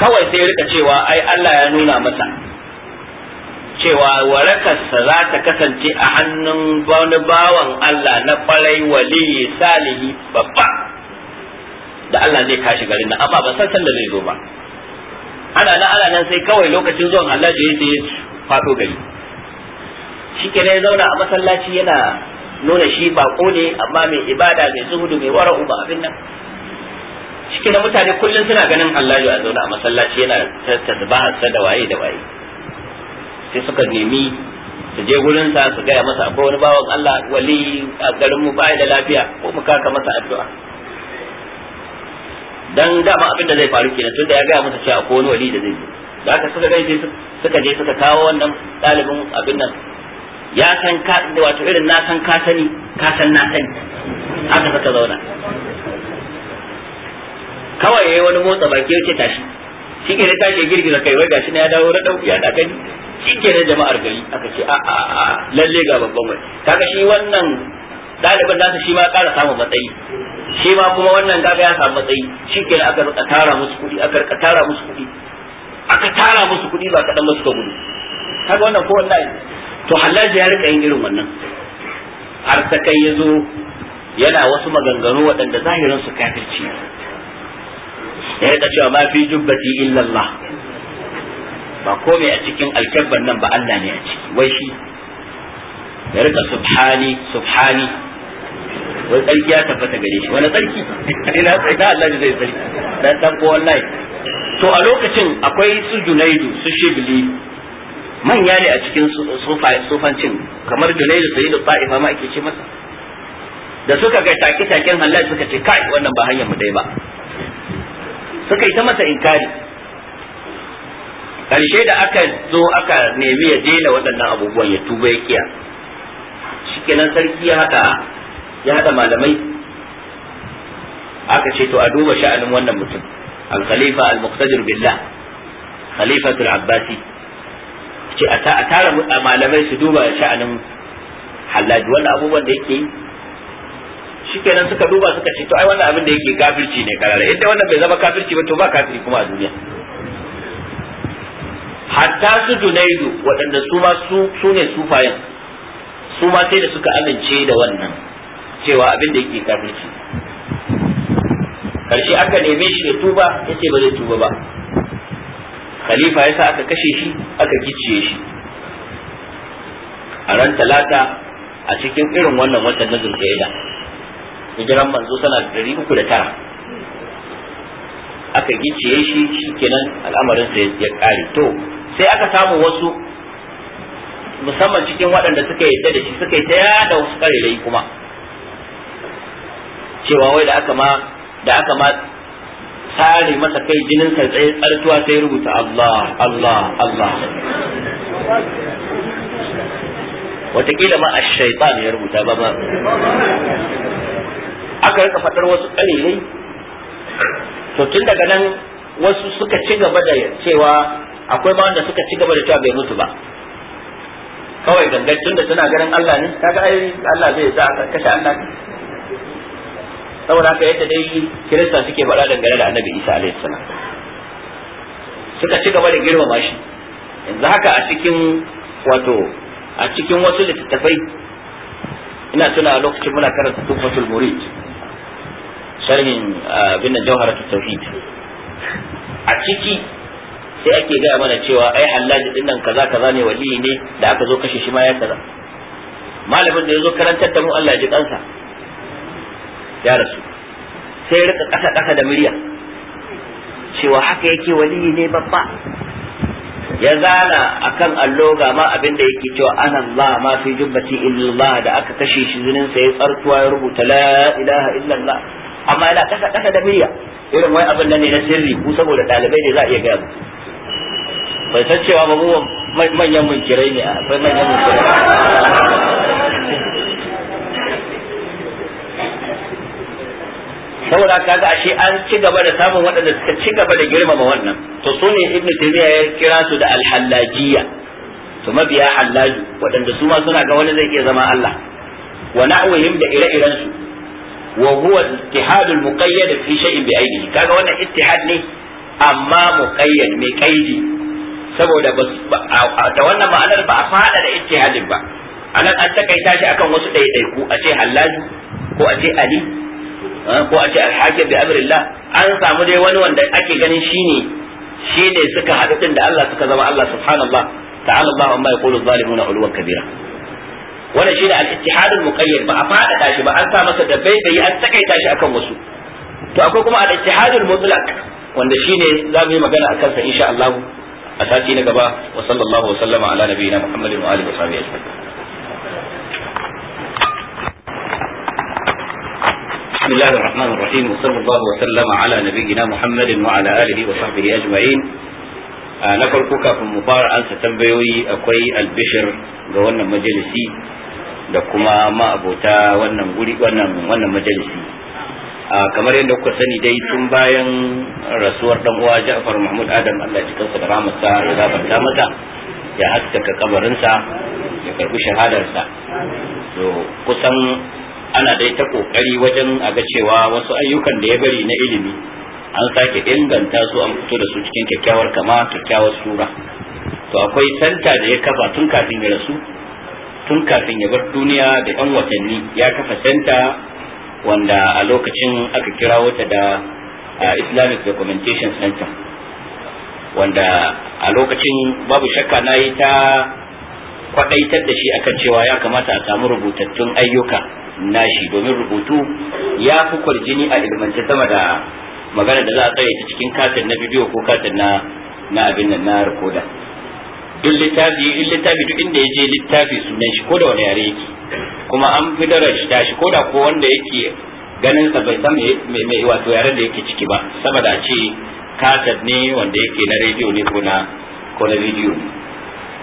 kawai sai rika cewa ai Allah ya nuna masa cewa warakarsa za ta kasance a hannun wani bawan Allah na kwarai waliyi salihi babba da Allah zai kashi garin nan amma ba san san da zai zo ba ana nan nan sai kawai lokacin zuwan Allah ya sai faɗo gari shi ke ya zauna a masallaci yana nuna shi bako ne amma mai ibada mai zuhudu mai wara'u ba abin nan shi da mutane kullum suna ganin Allah ya zauna a masallaci yana tasbaharsa da waye da waye sai suka nemi su je gurin sa su gaya masa akwai wani bawan Allah wali a garin mu ba da lafiya ko mu kaka masa addu'a dan dama abin da zai faru kenan tunda ya gaya masa cewa ko wani wali da zai zo da aka suka gaje suka je suka kawo wannan dalibin abin nan ya san ka wato irin na san ka sani ka san na sani haka suka zauna kawai yayi wani motsa baki yace tashi shi ke tashi girgiza kai wai gashi ne ya dawo radau ya da kai shi ke jama'ar gari aka ce a a a lalle ga babban wai, kaga shi wannan dalibin nasa shi ma kara samun matsayi shi ma kuma wannan gaba ya samu matsayi shi ke aka rika tara musu kuɗi aka rika tara musu kuɗi aka tara musu kuɗi ba kaɗan musu ka gudu kaga wannan ko wallahi to hallaji ya rika yin irin wannan har ta kai ya zo yana wasu maganganu waɗanda zahirin su kafirci ya rika cewa ma fi jubbati illallah ba komai a cikin alkebban nan ba Allah ne a ciki wai shi ya rika subhani subhani wai tsarki ya tabbata gare shi wani tsarki ina da Allah zai tsarki dan dan ko wallahi to a lokacin akwai su Junaidu su Shibli manya ne a cikin sufancin kamar Junaidu sai da Sa'ifa ma ake ce masa da suka ga taki taken Allah suka ce kai wannan ba hanyar mu dai ba suka yi ta masa inkari karshe da aka zo aka nemi ya daina waɗannan abubuwan ya tuba ya kiya shikenan sarki ya haɗa ya hada malamai aka ce to a duba sha'anin wannan mutum al-khalifa al-muqtadir billah khalifatul abbasi ce a tara malamai su duba sha'anin hallaji wannan abubuwan da yake shikenan suka duba suka ce to ai wannan abin da yake kafirci ne karara inda wannan bai zama kafirci ba to ba kafiri kuma a duniya hatta su junaidu waɗanda su ma su ne sufayen su ma sai da suka amince da wannan cewa abin da yake kafirci karshe aka neme shi ya tuba yace ba zai tuba ba khalifa yasa aka kashe shi aka gicciye shi a ran talata a cikin irin wannan watan na da, hijiran manzo sana da uku da tara aka gicciye shi shikenan al'amarin sa ya kare to sai aka samu wasu musamman cikin waɗanda suka yi da shi suka yi ta yada wasu karerai kuma cewa wai da aka ma da aka ma tsare masa kai jinin sa tsaye tsartuwa sai rubuta Allah Allah Allah Wataƙila ma ash-shaytan ya rubuta ba ma aka rika fadar wasu kalilai to tun daga nan wasu suka ci gaba da cewa akwai ma wanda suka ci gaba da cewa bai mutu ba kawai gangan da suna ganin Allah ne kaga ai Allah zai sa ka kashe Allah saboda haka yadda dai kirista suke faɗa dangane da annabi isa alaihi salam suka ci gaba da girmama shi yanzu haka a cikin wato a cikin wasu littattafai ina tuna a lokacin muna karanta tufatul murid sharhin ah, abin da jawharatu tauhid a ciki sai ake gaya mana cewa ai hallaji din nan kaza kaza ne waliyi ne da aka zo kashe shi ma ya kaza malamin da ya zo karantar da mu Allah ya ji kansa ya rasu sai rika ƙasa ƙasa da murya cewa haka yake waliyi ne babba ya zana akan allo ga ma abin da yake cewa ana Allah ma fi jubbati illallah da aka kashe shi zinin sai tsartuwa ya rubuta la ilaha illallah amma yana kasa kasa da murya irin wai abin nan ne na sirri ku saboda dalibai ne za a iya gaya mu bai san cewa ba manyan munkirai ne akwai manyan munkirai saboda kaga ashe an ci gaba da samun waɗanda suka ci gaba da girmama wannan to su ne ibnu taymiya ya kira su da Alhalajiya? to mabiya hallaju waɗanda su ma suna ga wani zai iya zama Allah wa na'wihim da ire-iren su wa huwa ittihad al-muqayyad fi shay'in bi aidihi kaga wannan ittihad ne amma muqayyad mai kaidi saboda da wannan ma'anar ba a fada da ittihadin ba anan an takaita shi akan wasu ɗaiɗaiku a ce hallaju ko a ce ali Eh, ko a ce alhakim bi amrillah an samu dai wani wanda ake ganin shine shine suka haɗu din da Allah suka zama Allah subhanallah ta'ala Allah amma yaqulu zalimuna ulwan kabira wannan shine al-ittihad al-muqayyad ba a fada shi ba an sa masa da bai bai an takaita shi akan wasu to akwai kuma al-ittihad al-mutlaq wanda shine za mu yi magana akan sa insha Allah a sati na gaba wa sallallahu wa sallama ala nabiyina Muhammadin wa alihi wa sahbihi بسم الله الرحمن الرحيم وصلى الله وسلم على نبينا محمد وعلى آله وصحبه أجمعين na farko kafin mu fara ansa tambayoyi akwai albishir ga wannan majalisi da kuma ma'abota wannan guri wannan wannan majalisi ah, kamar yadda kuka sani dai tun bayan rasuwar dan uwa Ja'far Mahmud Adam Allah ya cikansa da rahmatsa ya gafarta masa ya haskaka kabarinsa ya karbi shahadarsa to kusan ana dai ta kokari wajen a ga cewa wasu ayyukan da ya bari na ilimi an sake inganta su an fito da su cikin kyakkyawar kama kyakkyawar sura to akwai santa da ya kafa tun kafin ya rasu tun kafin ya bar duniya da yan watanni ya kafa santa wanda a lokacin aka kira wata da islamic documentation center wanda a lokacin babu shakka na yi ta kwadaitar da shi akan cewa ya kamata a samu rubutattun ayyuka nashi domin rubutu ya fi kwarjini a ilmance sama da magana da za a tsaye cikin katin na bidiyo ko katin na na abin nan na rikoda in littafi in littafi duk inda ya je littafi sunan shi ko da wani yare yake kuma an fi darajta shi ko da ko wanda yake ganin sa bai san me wato yaren da yake ciki ba saboda a ce katin ne wanda yake na rediyo ne ko na ko na bidiyo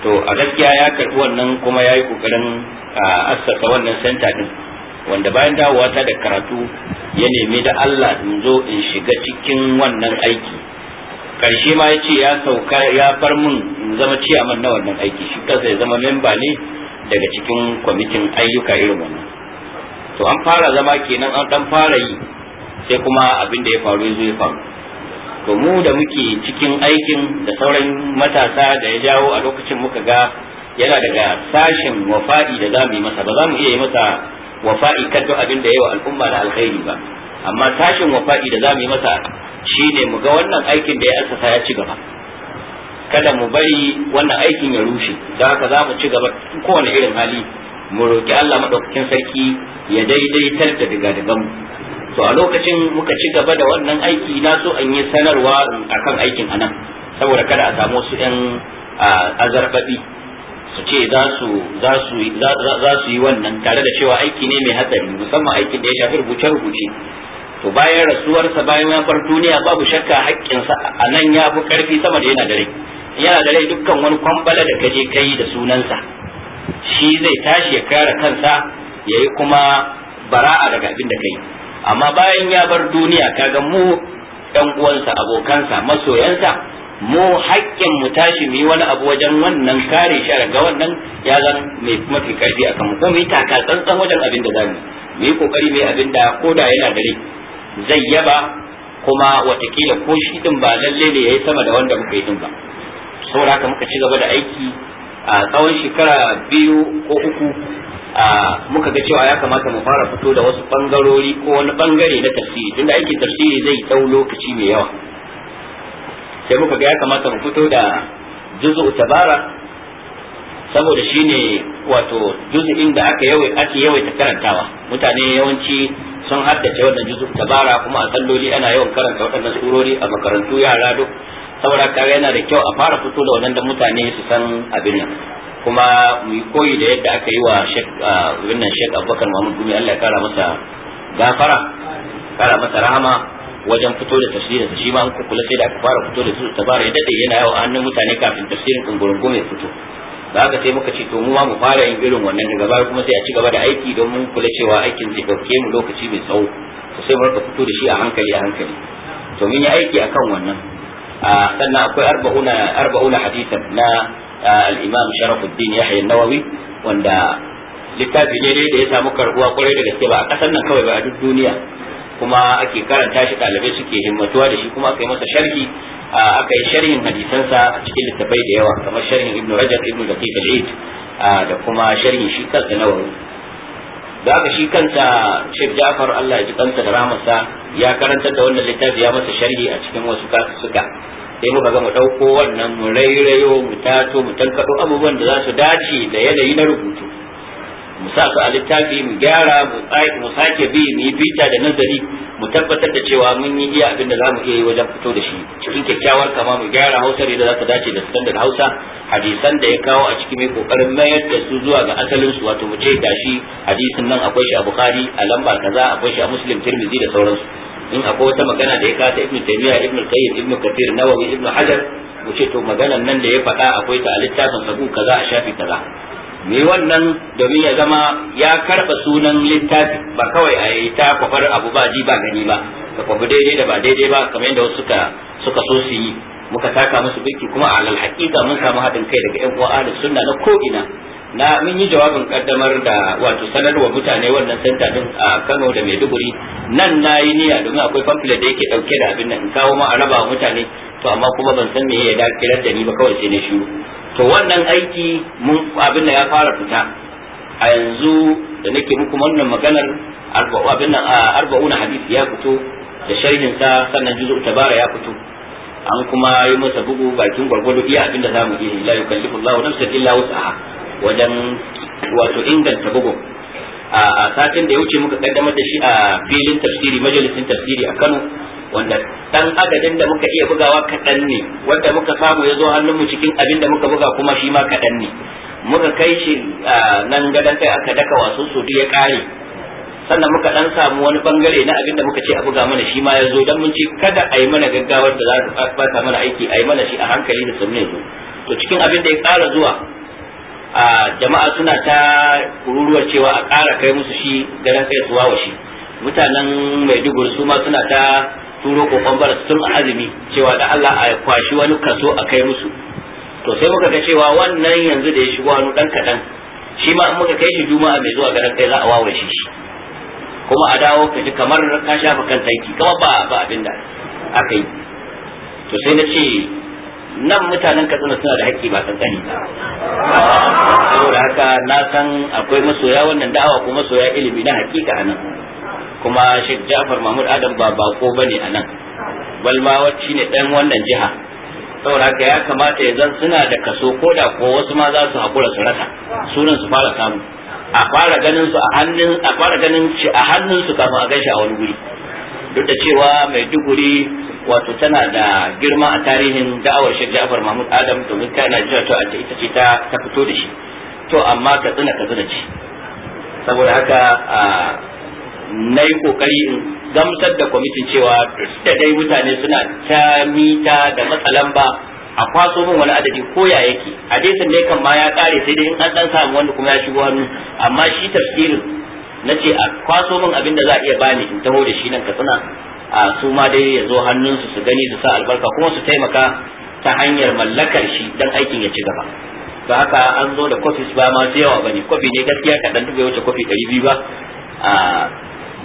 to a gaskiya ya karbi wannan kuma ya yi kokarin assasa wannan senta din wanda bayan dawowa ta da karatu ya nemi da Allah in zo in shiga cikin wannan aiki karshe ma ya ce ya sauka ya far mun in zama a na wannan aiki shi kansa ya zama memba ne daga cikin kwamitin ayyuka irin wannan to an fara zama kenan an dan fara yi sai kuma abin da ya faru ya zo faru to mu da muke cikin aikin da sauran matasa da ya jawo a lokacin muka ga yana daga sashen wafa'i da za mu yi masa ba za mu iya yi masa wafa'i kan duk abin da yayi wa al'umma da alkhairi ba amma tashin wafa'i da zamu yi masa shine mu ga wannan aikin da ya asasa ya ci gaba kada mu bari wannan aikin ya rushe da haka za mu ci gaba kowane irin hali mu roki Allah madaukakin sarki ya daidaitar da diga mu to a lokacin muka ci gaba da wannan aiki na so an yi sanarwa akan aikin anan saboda kada a samu su yan azarbabi su ce za su yi wannan tare da cewa aiki ne mai hatsari musamman aikin da ya shafi rubuce rubuce to bayan rasuwarsa bayan ya bar duniya babu shakka haƙƙinsa a nan ya fi ƙarfi sama da yana dare yana rai dukkan wani kwambala da kaje kai da sunansa shi zai tashi ya kare kansa ya yi kuma bara'a daga abin da kai amma bayan ya bar duniya kaga mu ɗan uwansa abokansa masoyansa mu haƙƙin mu tashi mu yi wani abu wajen wannan kare shi daga wannan ya zan mai mafi karfi a kan ko mu yi taka tsantsan wajen abin da zamu mu yi kokari mai abin da ko da yana dare zai yaba kuma watakila ko shi din ba lalle ne yayi sama da wanda muka yi din ba saboda haka muka ci gaba da aiki a tsawon shekara biyu ko uku a muka ga cewa ya kamata mu fara fito da wasu bangarori ko wani bangare na tafsiri tunda aikin tafsiri zai dau lokaci mai yawa sai muka ga ya kamata mu fito da juzu tabara saboda shine wato juzu'in da aka yawai ake yawaita karantawa mutane yawanci sun haddace wannan juzu tabara kuma a salloli ana yawan karanta waɗannan surori a makarantu yara duk saboda ka yana da kyau a fara fito da wannan da mutane su san abin nan kuma mu yi koyi da yadda aka yi wa wannan shek abubakar mahmud gumi allah ya kara masa gafara kara masa rahama wajen fito da tafsirin shi ma an kula sai da aka fara fito da su fara ya dade yana yawa hannun mutane kafin tafsirin kungurungun ya fito da haka sai muka ce to mu ma mu fara yin irin wannan daga baya kuma sai a ci gaba da aiki don mun kula cewa aikin zai dauke mu lokaci mai tsawo to sai mu rika fito da shi a hankali a hankali to mun yi aiki akan wannan sannan akwai arba'una arba'una hadisan na al-Imam Sharafuddin Yahya an-Nawawi wanda littafi ne da ya samu karbuwa kwarai da gaske ba a kasar nan kawai ba a duk duniya kuma ake karanta shi ɗalibai suke himmatuwa da shi kuma aka yi masa sharhi aka yi sharhin hadisansa a cikin littafai da yawa kamar sharhin ibnu rajab ibnu daqiq al da kuma sharhin shi kansa nawawi da aka shi kansa Sheikh Ja'far Allah ya ji kansa da ramarsa ya karantar da wannan littafi ya masa sharhi a cikin wasu kasuka sai muka ga mu dauko wannan mu rairayo mu tato mu tankado abubuwan da za su dace da yanayi na rubutu mu sa su a littafi mu gyara mu sake bi mu yi bita da nazari mu tabbatar da cewa mun yi iya abin da za mu iya yi wajen fito da shi cikin kyakkyawar kama mu gyara hausar da za ta dace da standard hausa hadisan da ya kawo a cikin mai kokarin mayar da su zuwa ga asalinsu wato mu ce shi hadisin nan akwai shi a bukhari a lamba kaza akwai shi a muslim tirmidhi da sauransu in akwai wata magana da ya kata ibnu taymiya ibnu qayyim ibnu kathir nawawi ibnu hajar mu ce to maganan nan da ya faɗa akwai ta a littafin sabu kaza a shafi kaza me wannan domin ya zama ya karba sunan littafi ba kawai a yi ta kwafar abu ba ji ba gani ba ka kwafi daidai da ba daidai ba kamar yadda wasu suka so su yi muka taka musu biki kuma a alhaƙiƙa mun samu haɗin kai daga yan uwa ahlus sunna na ko'ina na mun yi jawabin kaddamar da wato sanarwa mutane wannan santa din a Kano da Maiduguri nan na yi niyya domin akwai pamphlet da yake dauke da abin nan in kawo ma a raba mutane to amma kuma ban san me ya kirar da ni ba kawai sai na shiru to wannan aiki mun abin da ya fara fita a yanzu da nake muku wannan maganar abin nan arba'una hadisi ya fito da sharhin sa sannan juzu tabara ya fito an kuma yi masa bugu bakin gwargwado iya abin da zamu yi la yukallifu Allahu nafsan illa wus'aha wajen wato inganta bugu, a satin da ya wuce muka kaddamar da shi a filin tafsiri majalisin tafsiri a Kano wanda dan adadin da muka iya bugawa kaɗan ne wanda muka samu ya zo mu cikin abin da muka buga kuma shi ma kaɗan ne muka kai shi nan gadon kai aka daka wasu su ya kare. sannan muka dan samu wani bangare na abin da muka ce a buga mana shi ma ya zo dan mun ce kada a yi mana gaggawar da za ta bata mana aiki a yi mana shi a hankali da sunne zo to cikin abin da ya ƙara zuwa A jama'a suna ta kururuwar cewa a ƙara kai musu shi garin kai suwa wa shi mutanen maiduguri su ma suna ta turo kokon bar sun azumi cewa da Allah a kwashi wani kaso a kai musu to sai muka ga cewa wannan yanzu da ya shigo hannu dan kadan shi ma in muka kai shi juma'a mai zuwa garin kai za a wawace shi kuma a dawo ka ji kamar ka shafa kan tanki kamar ba ba abin da aka yi to sai na ce nan mutanen katsina suna da haƙƙi ba kankani saboda haka na san akwai masoya wannan da'awa ko masoya ilimi na haƙiƙa anan kuma Sheikh Ja'far Mahmud Adam ba bako ba ne anan balma wacce ne dan wannan jiha saboda haka ya kamata ya suna da kaso ko da ko wasu ma za su haƙura su rasa sunan su fara samu a fara ganin su a hannun a fara ganin shi a hannun su kafin a gaishe a wani guri duk da cewa maiduguri wato tana da girma a tarihin da'awar shi ja'far mahmud adam domin ta jira to a ita ce ta ta fito da shi to amma ka tsina ka tsina ce saboda haka na yi kokari in gamsar da kwamitin cewa da dai mutane suna ta mita da matsalan ba a kwaso min wani adadi ko ya yake hadisin ne kan ma ya kare sai dai in an dan samu wanda kuma ya shigo hannu amma shi tafsirin na ce a kwaso min abin da za a iya bani in taho da shi nan katsina a su ma dai ya zo hannunsu su gani su sa albarka kuma su taimaka ta hanyar mallakar shi dan aikin ya ci gaba ba haka an zo da kofis ba ma su yawa bane kofi ne gaskiya kaɗan duk bai wuce kofi ɗari biyu ba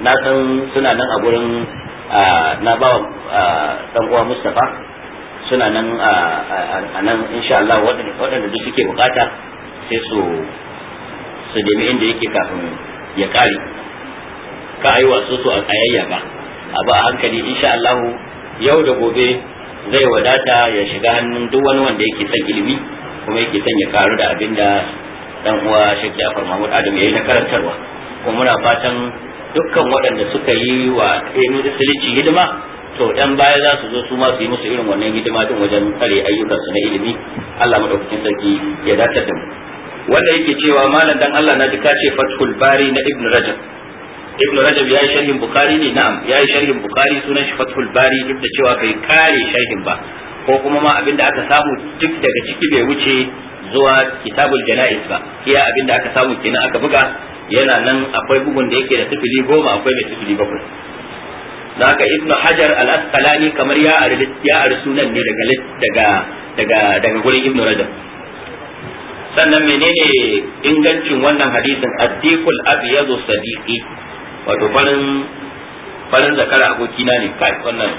na san suna nan a gurin na ba dan uwa Mustapha suna nan a nan insha Allah waɗanda duk suke bukata sai su su nemi inda yake kafin ya kare ka ayi wasu su a tsayayya ba a a hankali insha Allah yau da gobe zai wadata ya shiga hannun duk wani wanda yake son ilimi kuma yake son ya karu da abin da dan uwa Sheikh Jafar Mahmud Adam yayi na karantarwa kuma muna fatan dukkan waɗanda suka yi wa musulunci hidima to dan baya za su zo su ma su yi musu irin wannan hidima din wajen tsare ayyukansu na ilimi Allah madaukakin sarki ya dace da mu wanda yake cewa malam dan Allah na ji ka ce fathul bari na ibn rajab ibn rajab ya sharhin bukhari ne na'am ya sharhin bukhari sunan shi fathul bari duk da cewa kai kare sharhin ba ko kuma ma abinda aka samu duk daga ciki bai wuce zuwa kitabul janaiz ba iya abinda aka samu kenan aka buga yana nan akwai bugun da yake da sifili goma akwai mai sifili bakwai haka Ibn hajar al-asqalani kamar ya arisu sunan ne daga daga daga gurin ibnu rajab sannan menene ingancin wannan hadisin addikul abyadu sadiqi wato farin farin zakara abokina ne kai wannan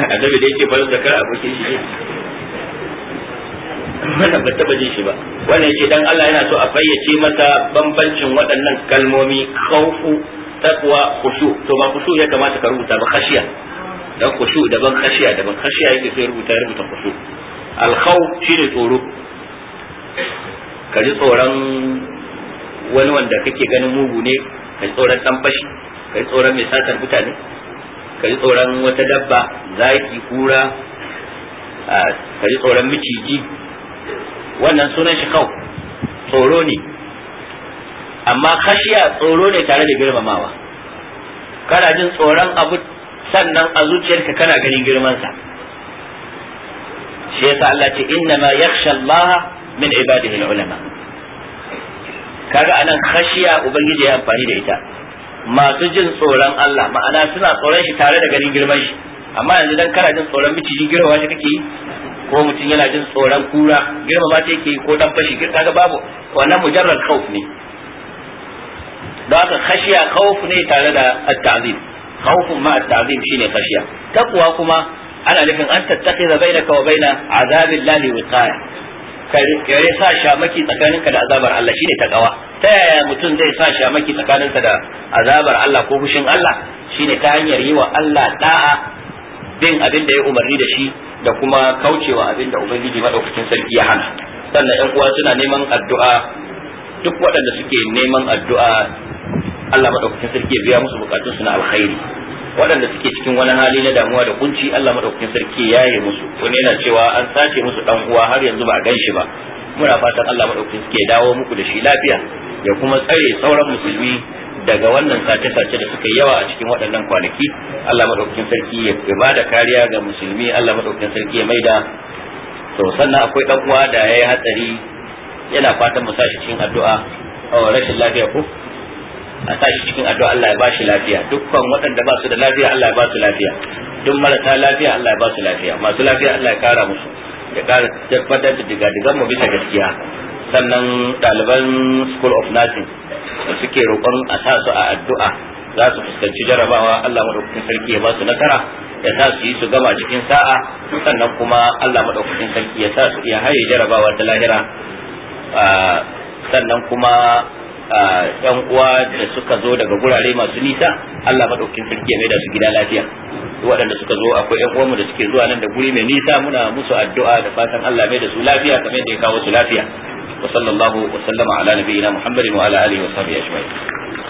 annabi da yake farin zakara abokin shi ne wannan ba taba baje shi ba wannan yake dan Allah yana so a fayyace masa bambancin waɗannan kalmomi khawfu taqwa khushu to ba khushu ya kamata ka rubuta ba khashiya dan khushu daban khashiya daban khashiya yake sai rubuta rubuta khushu al khawf ne tsoro ka ji tsoron wani wanda kake ganin mugu ne ka ji tsoron dan fashi ka ji tsoron mai satar mutane ka ji tsoron wata dabba zaki kura ka ji tsoron miciji wannan sunan shi kau tsoro ne amma kashiya tsoro ne tare da girmamawa kana jin tsoron abu sannan a zuciyarka kana ganin girmansa shi yasa Allah ce inna ma yakhsha Allah min ibadihi ulama kaga anan khashiya ubangiji ya amfani da ita masu jin tsoron Allah ma'ana suna tsoron shi tare da ganin girman shi amma yanzu dan kana jin tsoron miciji girma shi kake ko mutum yana jin tsoron kura girma ba ta yake ko dan fashi kaga babu wannan mujarrad khauf ne don haka khashiya khauf ne tare da at-ta'zim khawfun ma at-ta'zim shine khashiya takwa kuma ana nufin an tattakhidha bainaka wa baina azabillahi wiqaya ya sa shamaki tsakaninka da azabar Allah shine ne ta yaya mutum zai sa shamaki tsakaninsa da azabar Allah ko fushin Allah shine ta hanyar yi wa Allah da'a bin abin da ya umarni da shi da kuma kaucewa abin da ubangiji madaukakin sarki ya hana sannan yan uwa suna neman addu'a duk waɗanda suke neman addu'a Allah madaukakin sarki ya biya musu bukatun su na alkhairi waɗanda suke cikin wani hali na damuwa da kunci Allah madaukakin sarki ya yi musu wani yana cewa an sace musu dan uwa har yanzu ba a gan shi ba muna fatan Allah madaukakin suke dawo muku da shi lafiya ya kuma tsare sauran musulmi daga wannan sace-sace da suka yi yawa a cikin waɗannan kwanaki Allah madaukakin sarki ya ba da kariya ga musulmi Allah madaukakin sarki ya maida to sannan akwai dan uwa da yayi hatsari yana fatan mu sa cikin addu'a oh, rashin lafiya ko a sa shi cikin addu'a Allah ya ba shi lafiya dukkan waɗanda ba su da lafiya Allah ya ba su lafiya duk marasa lafiya Allah ya ba su lafiya masu lafiya Allah ya kara musu ya kara tabbatar da digadigan mu bisa gaskiya sannan ɗaliban school of nursing da suke roƙon a sa su a addu'a za su fuskanci jarabawa Allah madaukakin sarki ya ba su nasara ya sa su yi su gama cikin sa'a sannan kuma Allah madaukakin sarki ya sa su iya haye jarabawa ta lahira ah, sannan kuma yan uwa da suka zo daga gurare masu nisa Allah madaukakin sarki ya maida su gida lafiya waɗanda suka zo akwai yan uwanmu da suke zuwa nan da guri mai nisa muna musu addu'a da fatan Allah mai da su lafiya kamar yadda ya kawo su lafiya wa sallallahu wa sallama ala nabiyina muhammadin wa ala alihi wa sahbihi ajma'in